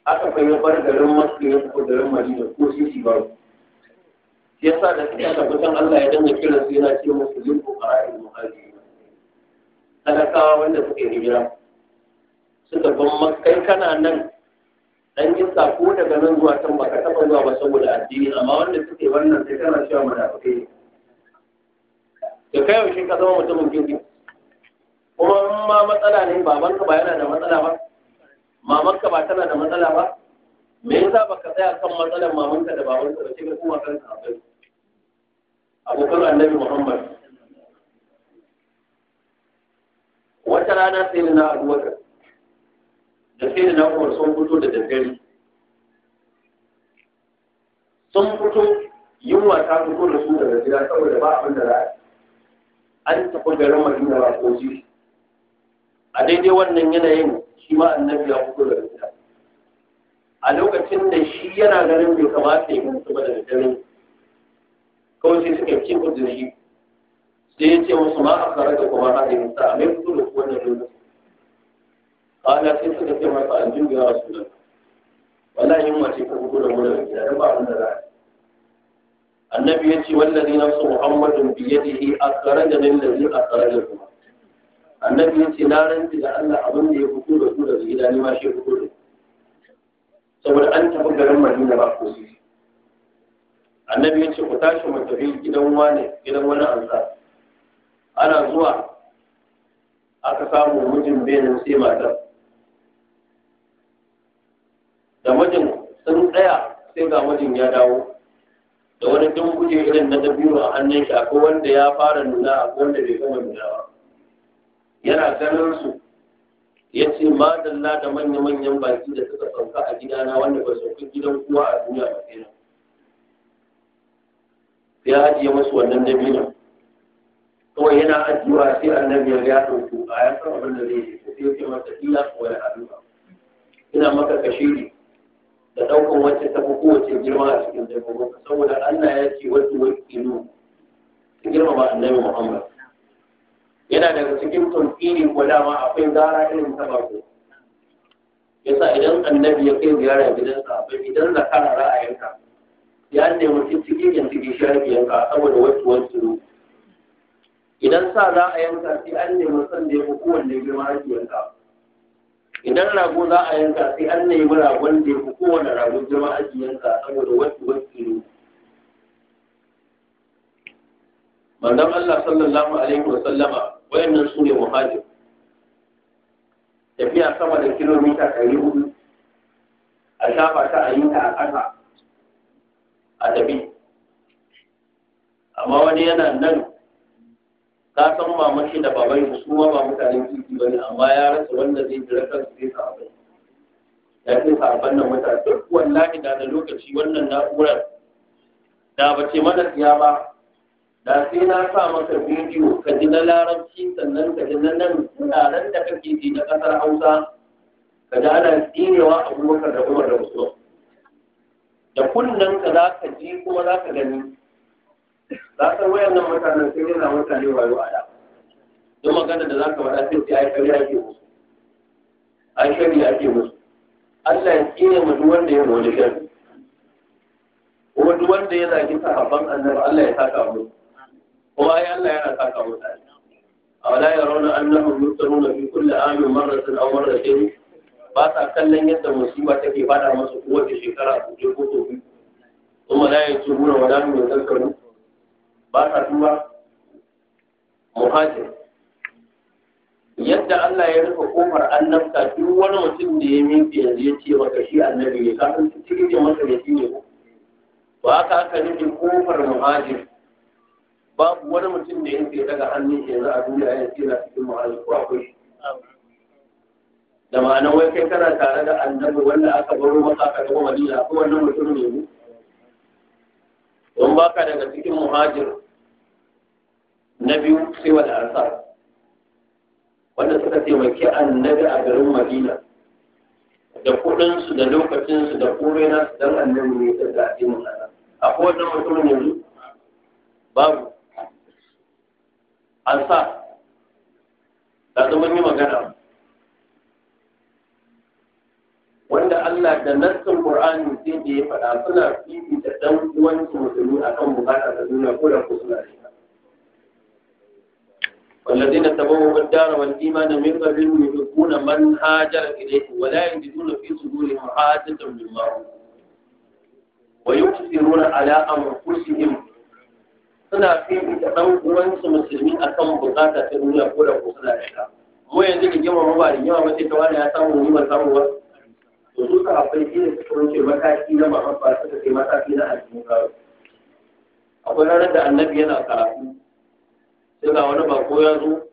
aka fahimci bar garin masu ya ko garin madina ko shi ba shi yasa da suka tabbatan Allah ya danna kiran su yana ce musu lil fuqara al muhajirin talakawa wanda suke hijira suka ban kai kana nan dan yin sako daga nan zuwa can baka taba zuwa ba saboda addini amma wanda suke wannan sai kana cewa munafikai da kai shi ka zama mutumin gidi kuma in ma matsala ne babanka ba yana da matsala ba Maman ka ba tana da matsala ba me yasa baka tsaya kan matsalar mamanka da babanka ba sai ka kuma kanka abai abokan annabi Muhammad wata rana sai na abubakar da sai na kuma sun fito da daddare sun fito yunwa ta fito da su daga gida saboda ba abin da za a yi. an tafi garin madina ba ko ji a daidai wannan yanayin shi ma annabi ya fito daga gida a lokacin da shi yana ganin bai kamata ya mutu ba da daddare kawai sai suka fi kudin shi sai ya ce musu ma a kare da kuma haɗin sa a mai fito da wannan lokacin kwana sai suka ce masa an jirgin a su nan wallahi yin mace ta fito da wurin gida ba abin da za a annabi ya ce wallazi nafsu muhammadun bi da akhraja a allazi da kuma annabi ya ce na rantsi da Allah abin da ya fito da su daga gida ne ma shi fito da saboda an tafi garin Madina ba ko shi annabi ya ce ku tashi mu tafi gidan wani gidan wani ansa ana zuwa aka samu mijin benin sai matar ga mijin ya dawo da wani dunkuje irin na dabiru a hannun shi akwai wanda ya fara nuna a wanda bai gama nuna ba yana ganin su ya ce ma dalla da manya-manyan baki da suka sauka a gidana wanda ba sauka gidan kowa a duniya ba sai ya ajiye masu wannan dabino kawai yana ajiyewa sai annabi ya ya ɗauko a ya san abin da zai yi sai ya ce masa iya ko ya haɗu ina maka kashe ne da daukan wacce ta fi kowace girma a cikin dabbobin saboda Allah ya ce wasu wakilu ta ba annabi Muhammad yana daga cikin tumfini ko dama akwai zara irin ta bako yasa idan annabi ya kai ziyara gidansa akwai idan zakara ra'ayinka ya nemi cikin yanzu sharfi yanka saboda wasu wakilu idan sa za a yanka sai an nemi san da ya fi kowanne girma a yanka idan rago za a yanka sai an yi ragon da ya fi kowane ragon girma ji yanka saboda wasu wasu ne Mandan Allah sallallahu alaihi wa sallama wayannan su ne muhajir tafiya sama da kilomita ɗari hudu a shafa ta a yi ta a ƙasa a tafi amma wani yana nan ka san maman shi da babai su kuma ba mutanen kirki ba ne amma ya rasa wanda zai jira kansu zai sa abin ya ce sa abin nan mutane duk wallahi da da lokaci wannan na'urar da ba ce mana siya ba da sai na sa maka bidiyo ka ji na larabci sannan ka ji na nan wuraren da kake ji na ƙasar hausa ka ji ana tsinewa abubakar da umar da usman da kunnen ka za ka ji kuma za ka gani za ka wayan nan mutanen sai yana mutane wayo a da don magana da za ka faɗa sai sai ai shari'a ke musu ai shari'a ke musu Allah ya tsine mu duk wanda ya wani shari kuma duk wanda ya zaki sahabban annabi Allah ya saka mu kuma ai Allah yana saka mu أولا يرون أنهم يفتنون في كل عام مرة أو مرتين ba sa kallon yadda musiba take fada masu kowace shekara su je ثم لا يتوبون ولا هم يذكرون ba duba muhajir yadda Allah ya rufe kofar annabta duk wani mutum da ya miƙe yanzu ya ce maka shi annabi ne kafin su cikin da masa shi ne ba haka aka nufi kofar muhajir babu wani mutum da ya daga hannun shi yanzu a duniya ya ce na cikin muhajir ko akwai shi da ma'ana wai kai kana tare da annabi wanda aka baro maka aka gama madina ko wannan mutum ne mu don baka daga cikin muhajir na biyu sai wa ansar wanda suka taimaki annabi a garin madina da kuɗinsu da lokacinsu da komai su don annabi ne ta zaɓe mu a kowane mutumin yanzu babu An sa. da zama yi magana wanda Allah da nassin Qur'ani sai da ya faɗa suna fifita dan uwansu musulmi akan bukatar da duniya ko da kusa والذين na الدار والإيمان من قبلهم يحبون من هاجر إليه ولا يجدون في صدورهم حاجة مما ويؤثرون على أنفسهم suna fifita ɗan uwansu musulmi a kan ta duniya ko da ko suna da mu yanzu da girma ba da yawa mace ta wani ya samu ni ba samu ba to su ka akwai da suka wuce mataki na mahabba suka kai mataki na addini akwai ranar da annabi yana karatu sai ga wani bako ya zo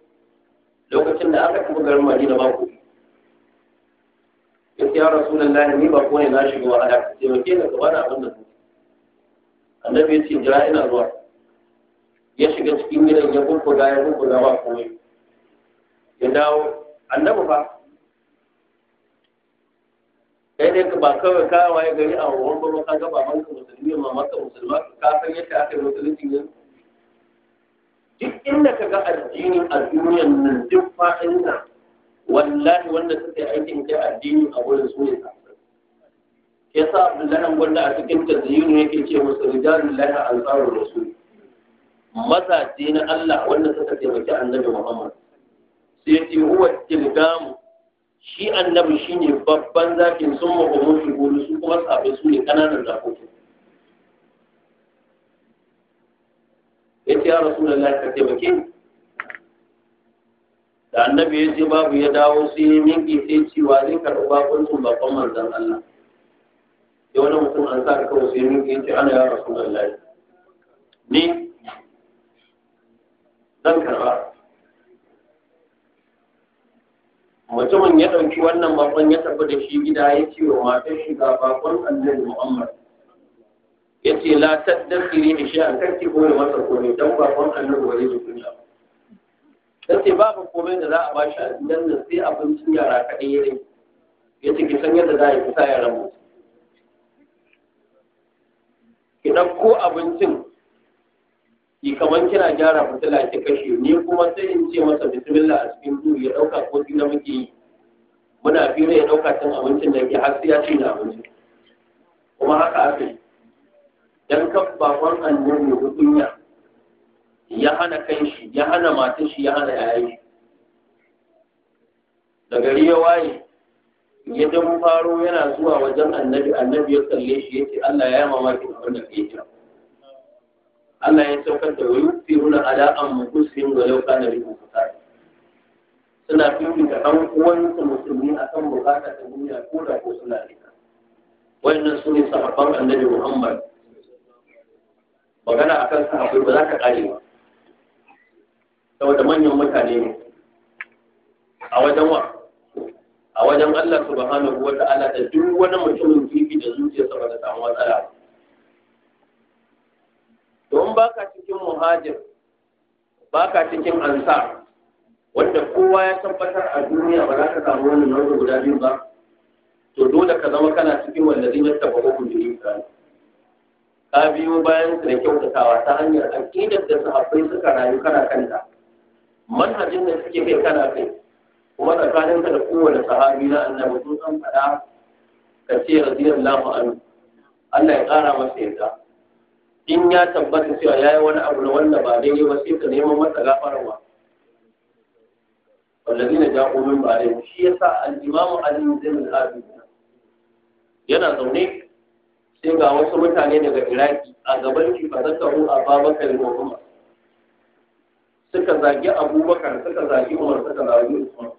lokacin da aka tafi garin madina ba ku yake ya rasu nan lahi ni bako ne na shiga wahala sai taimake ni ka bani abin da su annabi ya ce jira ina zuwa ya shiga cikin gidan ya bubbuga ya bubbuga ba komai ya dawo annabi fa kai ne ba kawai ka waye gari a wurin ba ka ga babanka musulmi maka musulma ka san yadda aka yi musulunci yanzu inda ka ga addini a duniyan nan duk fa'in nan wallahi wanda suka yi aikin kai addini a wurin su ne ya sa abdullahi wanda a cikin tazyinu yake ce musu rijalul lahi da su. mazaje na Allah wanda suka taimaki annabi Muhammad sai yace huwa tilgamu shi annabi shine babban zakin sun mabamu shi gudu su kuma sabai su ne kananan zakoki ya rasulullahi ka taimake ni da annabi ya ce babu ya dawo sai ya minki sai cewa zai karɓi bakuncin babban manzon Allah ya wani mutum an sa kawai sai minki ya ce ana ya rasulullahi ni zan karɓa mutumin ya ɗauki wannan bakon ya tafi da shi gida ya ce wa matar shi ga bakon annabi Muhammad yace la an bi ko kake koyi masa ne dan ba kon annabi wani ji kunya yace babu komai da za a bashi a gidan nan sai abincin yara kadai ya yace ki san yadda za a yi yaran ya rabu ki ɗauko abincin ki kamar kina gyara fitila ki kashe ni kuma sai in ce masa bismillah a cikin duhu ya ɗauka ko na muke yi muna fira ya dauka cin abincin da ke har sai ya cinye abincin kuma haka aka yi dan kan bakon mai da ya hana kan shi ya hana matan shi ya hana yayi da gari ya waye ya dan faro yana zuwa wajen annabi annabi ya kalle shi yace Allah ya mamaki da wannan kike Allah ya saukar da yufiruna ala muslim wa law kana bihim fasad suna da ɗan uwansu musulmi akan bukata ta duniya ko da ko suna rika Wannan su ne sahabban annabi Muhammad magana a kansa akwai ba za ka ƙare ba saboda manyan mutane ne a wajen wa a wajen Allah subhanahu wa ta'ala da duk wani mutumin kifi da zuciya saboda da samu matsala don ba ka cikin muhajir ba ka cikin ansa, wanda kowa ya tabbatar a duniya ba za ka samu wani nau'i guda biyu ba to dole ka zama kana cikin wanda zai yadda ba hukun da ta biyo bayan su da kyautatawa ta hanyar aƙidar da haɓɓai suka rayu kana kanta manhajin da suke kai kana kai kuma tsakaninka da kowane sahabi na annabi sun san faɗa ka ce radiyallahu anhu Allah ya ƙara masa yarda in ya tabbata cewa yayi wani abu na wanda ba daidai ba sai ka neman masa gafarwa والذين جاءوا من shi شيء يسعى الإمام علي بن الآبي yana zaune sai ga wasu mutane daga iraki a gaban shi ba zaka hu a maka ne kuma suka zagi abubakar suka zagi umar suka zagi usman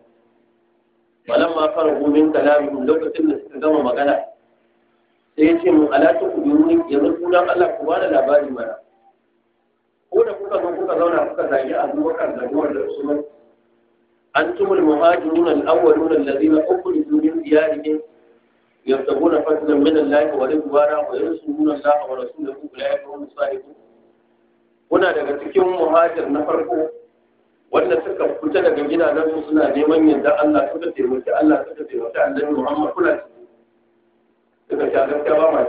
ma farahu gumin kalamihim lokacin da suka gama magana sai ce mu ala ta ku biyu yanzu sunan Allah ku bada labari mana ko da kuka zo kuka zauna kuka zagi abubakar da umar da usman antumul muhajirun al-awwalun alladhina ukhriju min diyarihim يبتغون فضلا من الله ورضوانا وينصرون الله ورسوله اولئك هم الصالحون هنا daga cikin muhajir na farko wanda suka fita daga su suna neman yadda Allah suka taimaki Allah suka taimaki Annabi Muhammad kula suka gaskiya ba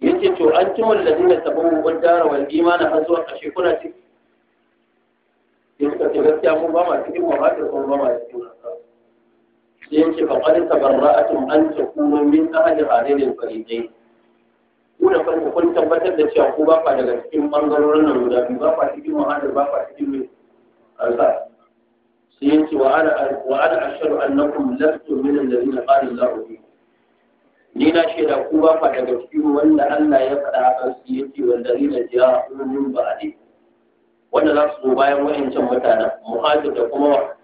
yace to an ci mallazin da sabon dara wal iman har zuwa kashe kuna ciki yace gaskiya mun ba ma cikin muhajir kuma ba ma cikin سيمشي فقد تبرأتم أن تكونوا من أهل هذين الفريقين kuna farko kun tabbatar da cewa ku ba fa daga cikin bangarorin nan guda biyu ba fa cikin muhadir ba fa cikin mai alfa sai yace wa ana wa ana ashhadu annakum lastu min alladhina qala Allahu fi ni na shaida ku ba fa daga cikin wanda Allah ya faɗa a haka su a walladhina ja'u a ba'di wanda za su zo bayan wayancan mutanen muhadir da kuma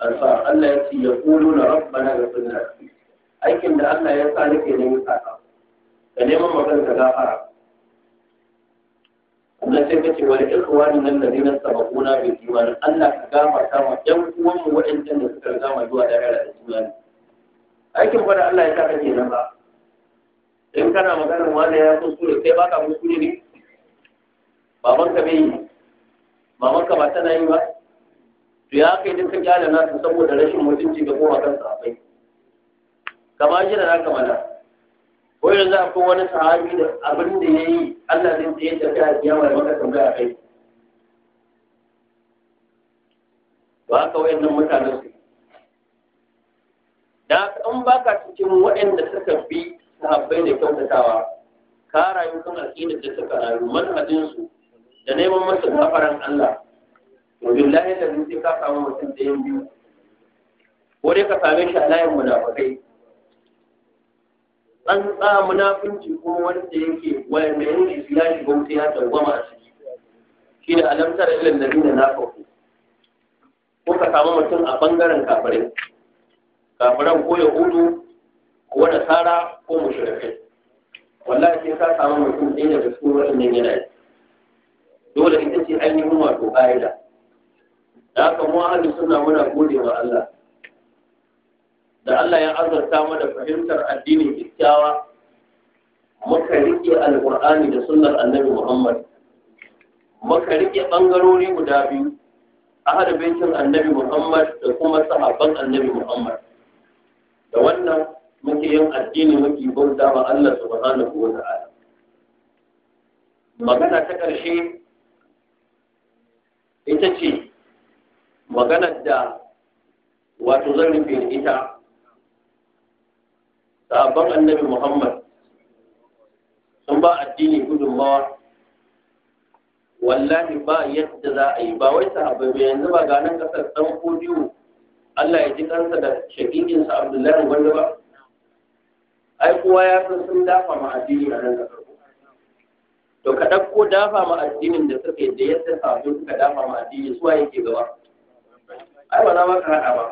ansar Allah ya ce ya kulu na rabbana ga sunna aikin da Allah ya sa nake neman saka ka neman magana ka gafara Allah sai kace wal wani nan da ladina sabaquna bil iman Allah ka gafarta ma ɗan uwan mu waɗannan da suka riga mu zuwa da da imani aikin fa Allah ya sa kake nan ba in kana maganar wani ya kuskure sai baka kuskure ne babanka bai yi mamanka ba tana yi ba to ya kai duka kyale na su saboda rashin mutunci ga kowa kan sahabbai kama shi da naka mana ko yanzu akwai wani sahabi da abin da ya yi Allah zai tsaye da ta ya mai maka tambaya kai to haka wayannan mutanen su da an baka cikin waɗanda suka bi sahabbai da kyautatawa ka rayu kan aƙidar da suka rayu manhajinsu da neman masa gafaran Allah wa billahi da mun sai ka samu mutum ɗayan biyu ko dai ka same shi a layin munafikai an tsa munafinci ko wanda yake waya mai yin shi ya shiga wuta ya tawwama a ciki shi ne alamtar ilin da nuna na faku ko ka samu mutum a bangaren kafirai kafiran ko yahudu ko nasara ko mushrikai wallahi sai ka samu mutum ɗaya daga cikin wannan yana dole ita ce ainihin wato ƙa'ida da aka mu ahli suna muna gode wa Allah da Allah ya azurta mu da fahimtar addinin kyakkyawa muka rike alqur'ani da sunnar annabi Muhammad muka rike bangarori guda biyu ahli baitin annabi Muhammad da kuma sahabban annabi Muhammad da wannan muke yin addini muke bauta wa Allah subhanahu wa ta'ala magana ta ƙarshe ita ce maganar da wato zan rufe ita sabon annabi muhammad sun ba addini gudunmawa wallahi ba yadda za a yi ba wai sahabbai ba yanzu ba ganin kasar ɗan kodiyo Allah ya ji kansa da shaƙiƙinsa abdullahi wanda ba ai kowa ya san sun dafa ma addini a nan kasar to ka ɗauko dafa ma addinin da suka yadda yadda sabon suka dafa ma addini suwa yake gaba ai ba na maka haka ba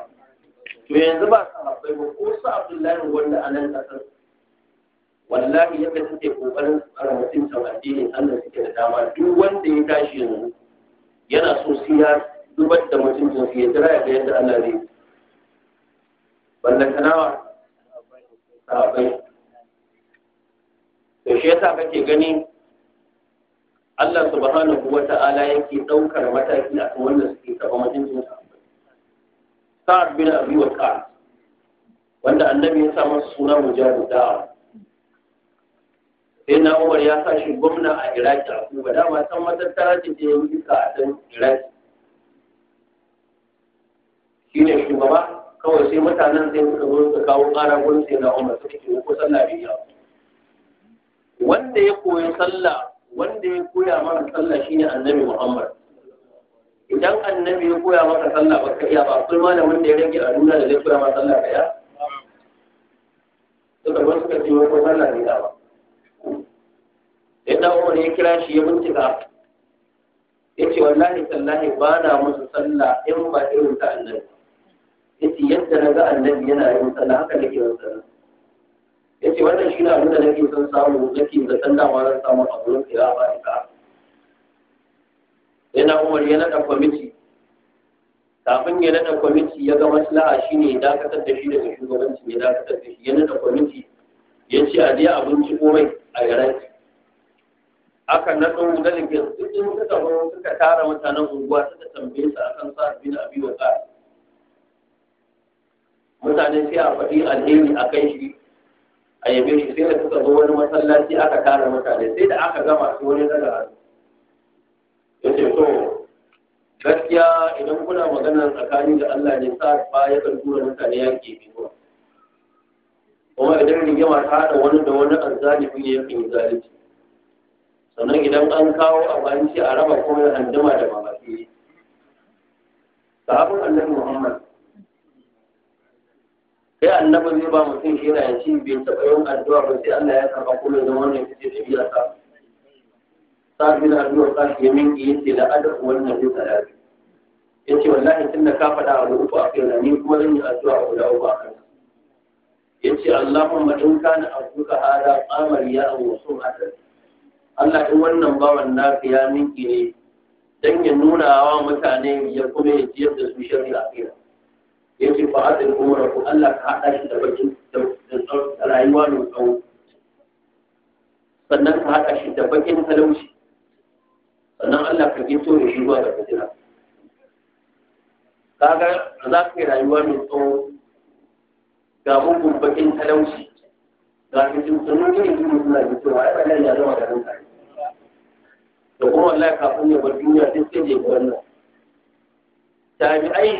to yanzu ba sahabbai ba ko su abdullahi wanda a nan kasar wallahi yadda suke kokarin tsara mutuncin addinin Allah suke da dama duk wanda ya tashi yanzu yana so sai ya zubar da mutuncin su ya jira ya ga yadda Allah zai ballanta nawa sahabbai to shi yasa kake gani Allah subhanahu wata'ala yake ɗaukar mataki a kan wanda suke taɓa mutuncin sa sa'ad bin abi waqas wanda annabi ya sa masa suna mujahid da'a sai na umar ya sa shi gwamna a iraki a kuma dama san matattara ce ta yi duka a can iraki shi ne shugaba kawai sai mutanen sai suka zo suka kawo ƙara gwamna sai na umar suka ce ko sallah bai yi wanda ya koyi sallah wanda ya koya mana sallah shine annabi muhammad idan annabi ya koya maka sallah ba iya ba akwai malamin da ya rage a duniya da zai koya maka sallah ka iya suka suka ce ko sallah ne da ba yadda umar ya kira shi ya bincika ya ce wallahi tallahi ba na musu sallah in ba irin ta annabi ya ce yadda na ga annabi yana yin sallah haka nake yin sallah ya ce wannan shi ne abin da nake son samu nake da sanda ma zan samu a gurin kira ba ka yana umar ya naɗa kwamiti kafin ya naɗa kwamiti ya ga maslaha shi ne dakatar da shi daga shugabanci ya dakatar da shi ya naɗa kwamiti ya ce a je a binciko mai a yaranci aka naɗo dalibin duk in suka zo suka tara mutanen unguwa suka tambaye su akan sa bin abi wa ƙara mutane sai a faɗi alheri a kai shi a yabe shi sai da suka zo wani masallaci aka tara mutane sai da aka gama su wani daga hannu ya ce to gaskiya idan kuna magana tsakanin da Allah ne sa ba ya kan tura mutane yaƙi biyu kuma idan rigima ta haɗa wani da wani an zalibi ne ya kan sannan idan an kawo abinci a raba kuma ya handama da mamaki sahabin annabi muhammad sai annabi zai ba mutum shi na yanci bai taɓa yin addu'a ba sai Allah ya karɓa kullum da wannan fice da biya sa sa'ad bin zuwa waqas ya minki minke yace la adab wannan bi Ya ce, wallahi tunda ka faɗa a uku a kai ni kuma zan yi addu'a guda uku a kan ce, Allahumma in ka kana abduka hada qamar ya wa sumatan Allah in wannan bawan naka ya minki ne dan ya nuna wa mutane ya kuma ya ciyar da su a kai ya ce fa adin umar ku Allah ka haɗa shi da bakin da rayuwa mai tsawo sannan ka haɗa shi da bakin talauci sannan Allah ka gito ya shi da fitina kaga za ka yi rayuwa mai tsawo ga mugun bakin talauci ga fitin sannan irin jini suna fitowa a ɓalai ya zama da hankali da kuma wallahi ka ya ba duniya sai sai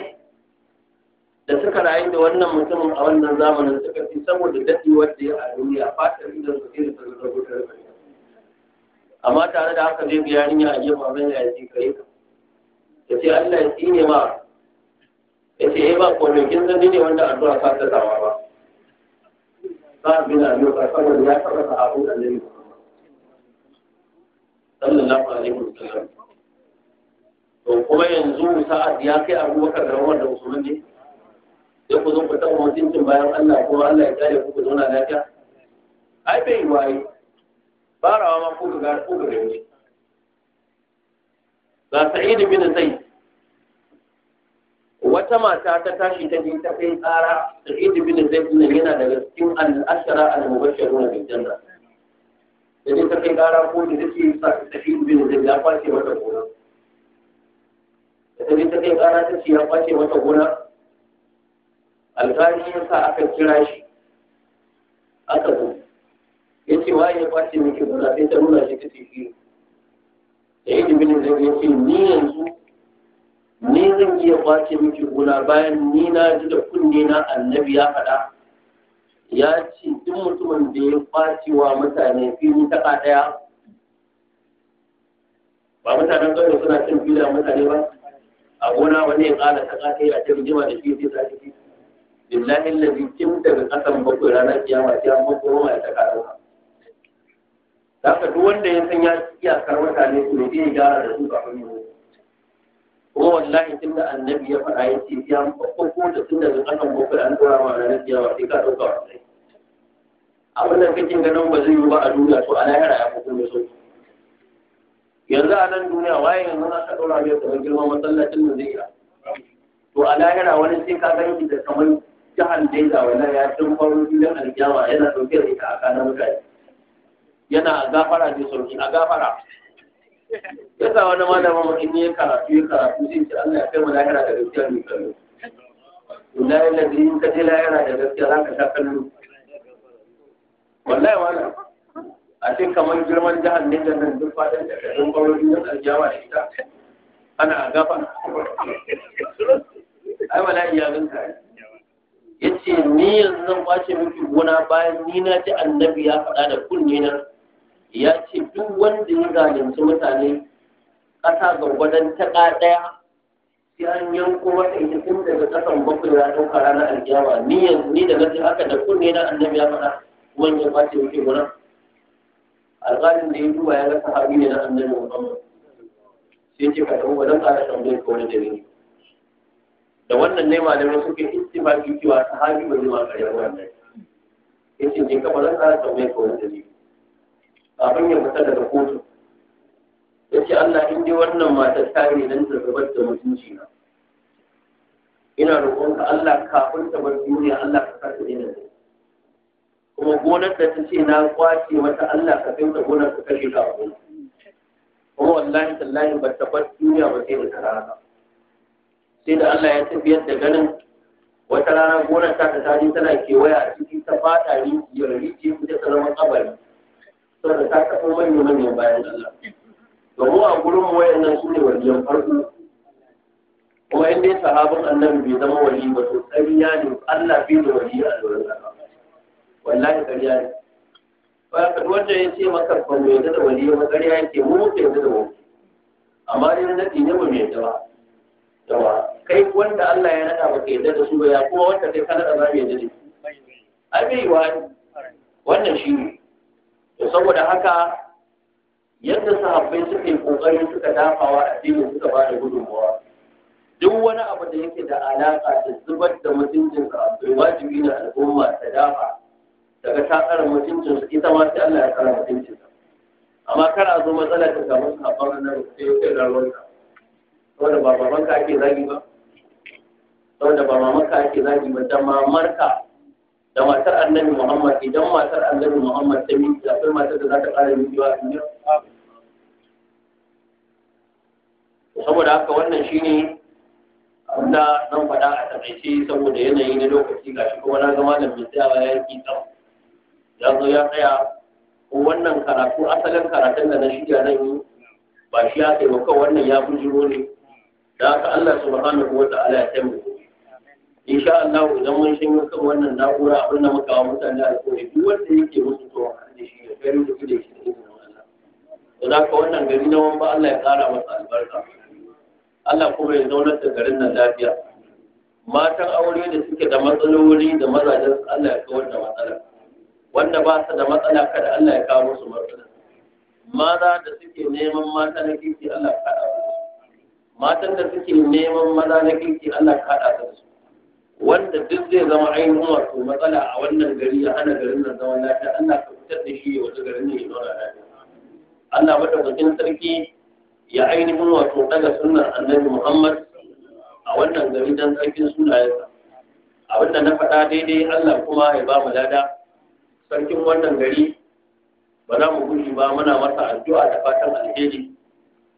da ya wannan jami'ai da suka rayu da wannan mutumin a wannan zamanin suka fi saboda daɗewar da ya a duniya fatan idan su ke da sarrafa amma tare da haka zai biya yarinya a gefen abin ya ce kai ka ya ce Allah ya tsine ma ya ce eh ba komai kin san ne wanda addu'a ka ta zama ba ba bin Allah ka saboda ya taba na annabi sallallahu alaihi wasallam to kuma yanzu sa'ad ya kai abubakar da wanda musulmi ne sai ku zo ku taɓa mutuncin bayan Allah kuma Allah ya kare ku ku zauna lafiya ai bai waye farawa ma ko ga ko ga wuce ga sa'id bin zaid wata mata ta tashi ta je ta kai tsara da sa'id bin zaid nan yana daga cikin al-ashara al-mubashshirun bil janna da ta kai tsara ko da take sa sa'id bin zaid ya kwace mata gona da ta kai tsara ta ce ya kwace mata gona alƙali ya sa aka kira shi aka zo ya ce waye ya kwace miki gona sai ta nuna shi ta shi. da yi ibn zai ya ni yanzu ni zan iya kwace miki gona bayan ni na ji da kunne na annabi ya faɗa ya ce duk mutumin da ya kwace wa mutane fili ta ɗaya ba mutanen ƙauye suna cin fili mutane ba a gona wani ya ƙara ta ƙasa a cikin jima da fili ta ciki lillahi bi tim daga ƙasan bakwai ranar kiyama kiyama kuma ya ta ƙasa da ka duk wanda ya san ya iyakar mutane su ne zai gyara da su kafin mu kuma wallahi tun da annabi ya faɗa ya ce ya ko da tun daga ƙasan bakwai an tura ma ranar ciyawa sai ka ɗauka wasai abin da kake ganin ba zai yi ba a duniya to a lahira ya fi kuma so yanzu a nan duniya waye yanzu na ka ɗora mai kamar girman masallacin da zai yi to a lahira wani sai ka gani da kamar jihar daida wallahi ya tun farin da alkiyama yana ɗauke da ita a kanan mutane yana a gafara da sauki a gafara yasa wani malamin in ya karatu ya karatu zai ce Allah ya kai mu lahira da gaskiya mai kallo wallahi lalle in ka je lahira da gaskiya za ka sha kallo wallahi wala a ce kamar girman jihar ne da nan duk fadar da karin gwamnati don aljawa da ita ana a gafara ai mala'i ya ganka ya ce ni yanzu zan kwace miki gona bayan ni na ji annabi ya faɗa da kunne na ya ce duk wanda ya zalunci mutane ƙasa gwargwadon ta ɗaya ya an yanko wata ita tun daga ƙasan bakwai ya ɗauka ranar alkiyama ni yanzu ni da gaske haka da kunne na annabi ya faɗa kuma ya kwace wuce gurin alƙalin da ya duba ya ga sahabi ne na annabi muhammad sai ce ka ɗau wajen ƙara tambayar ka wani dare da wannan ne malamai suke istifaki cewa sahabi bai zai ma ƙarya wannan ya ce ne ka ba zan ƙara tambayar ka wani dare abin ya fita daga kotu ya ce Allah in dai wannan matar ta yi nan ta zubar da mutunci na ina ka Allah kafin ta bar duniya Allah ka kasa ina kuma gonar da ta ce na kwace mata Allah ka kai ta gonar ka kashe ta abu kuma wallahi tallahi ba ta bar duniya ba sai wata rana sai da Allah ya tafiyar da ganin wata rana gonar ta ta tana kewaya a ciki ta fata rijiyar kuma ta zama kabari saboda ta kafa manyan manyan bayan Allah domin a gurin mu wayannan su ne waliyan farko kuma in dai sahabin annabi bai zama wali ba to ƙarya ne Allah bai da wali a doron ƙasa wallahi ƙarya ne ba ka wanda ya ce maka ban mai da wali ba ƙarya yake mu muke yanzu da wali amma dai na ne mu mai da ba yawa kai wanda Allah ya nada maka yadda da su ba ya kuma wanda kai ka nada ba mai da ne ai bai yi wani wannan shi ne saboda haka yadda sahabbai suke kokari suka dafawa a cikin suka ba da gudunmawa duk wani abu da yake da alaƙa da zubar da mutuncin sahabbai wajibi na al'umma ta dafa daga ta mutuncin su ita ma sai Allah ya tsara mutuncin sa amma kana zo matsala ta samu sahabban nan sai kai da ruwanka saboda ba ka ake zagi ba saboda ba mamanka ake zagi ba da mamarka da matar annabi Muhammad idan matar annabi Muhammad ta miki da kuma matar da za ta ƙara miki a saboda haka wannan shine abinda zan faɗa a taƙaice saboda yanayi na lokaci gashi kuma na zama da mai tsayawa ya yi tsam ya zo ya tsaya ko wannan karatu asalin karatun da na shirya nan yi ba shi ya taimaka wannan ya bujiro ne da haka Allah subhanahu wa ta'ala ya taimaka insha Allah idan mun shingo kan wannan na'ura abin da muka wa mutane alƙawari duk wanda yake musu to da shi ya kai da da shi da Allah to da ka wannan gari na wanda Allah ya kara masa albarka Allah kuma ya zaunar da garin nan lafiya matan aure da suke da matsaloli da mazajen Allah ya kawar da matsala wanda ba su da matsala kada Allah ya kawo musu matsala maza da suke neman mata na kirki Allah ya kaɗa matan da suke neman maza na kirki Allah ya kada su wanda duk zai zama ainihin wato matsala a wannan gari ya hana garin nan zama lafiya Allah ka fitar da shi ya wata garin ne ya zauna lafiya Allah madaukakin sarki ya ainihin wato daga sunan annabi Muhammad a wannan gari dan sarkin sunayensa abinda na faɗa daidai Allah kuma ya ba mu lada sarkin wannan gari ba za mu guji ba muna masa addu'a da fatan alheri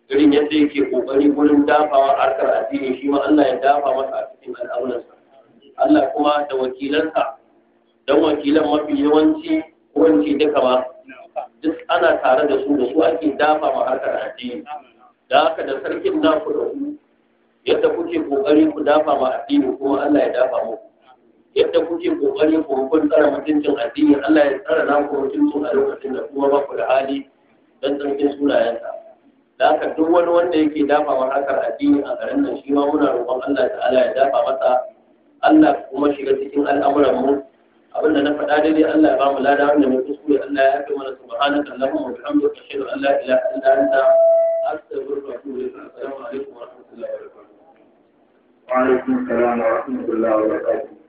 irin yadda yake kokari gurin dafawa harkar addini shi ma Allah ya dafa masa a cikin al'amuransa Allah kuma da wakilansa don wakilan mafi yawanci wanci duka ba duk ana tare da su da su ake dafa ma harkar addini da haka da sarkin naku da ku yadda kuke kokari ku dafa ma addini kuma Allah ya dafa mu yadda kuke kokari ku kun tsara mutuncin addini Allah ya tsara naku mutuncin a lokacin da kuma ba ku da hali don sarkin sunayensa da haka duk wani wanda yake dafa ma harkar addini a garin nan shi ma muna roƙon Allah ta'ala ya dafa masa Allah kuma shiga cikin al'amuran mu abin da na faɗa daidai Allah ya ba mu lada wanda mai kuskure Allah ya yafe mana subhanaka allahumma wa bihamdika ashhadu an la ilaha illa anta astaghfiruka wa atubu ilayk assalamu alaikum wa rahmatullahi wa barakatuh wa alaikum assalam wa rahmatullahi wa barakatuh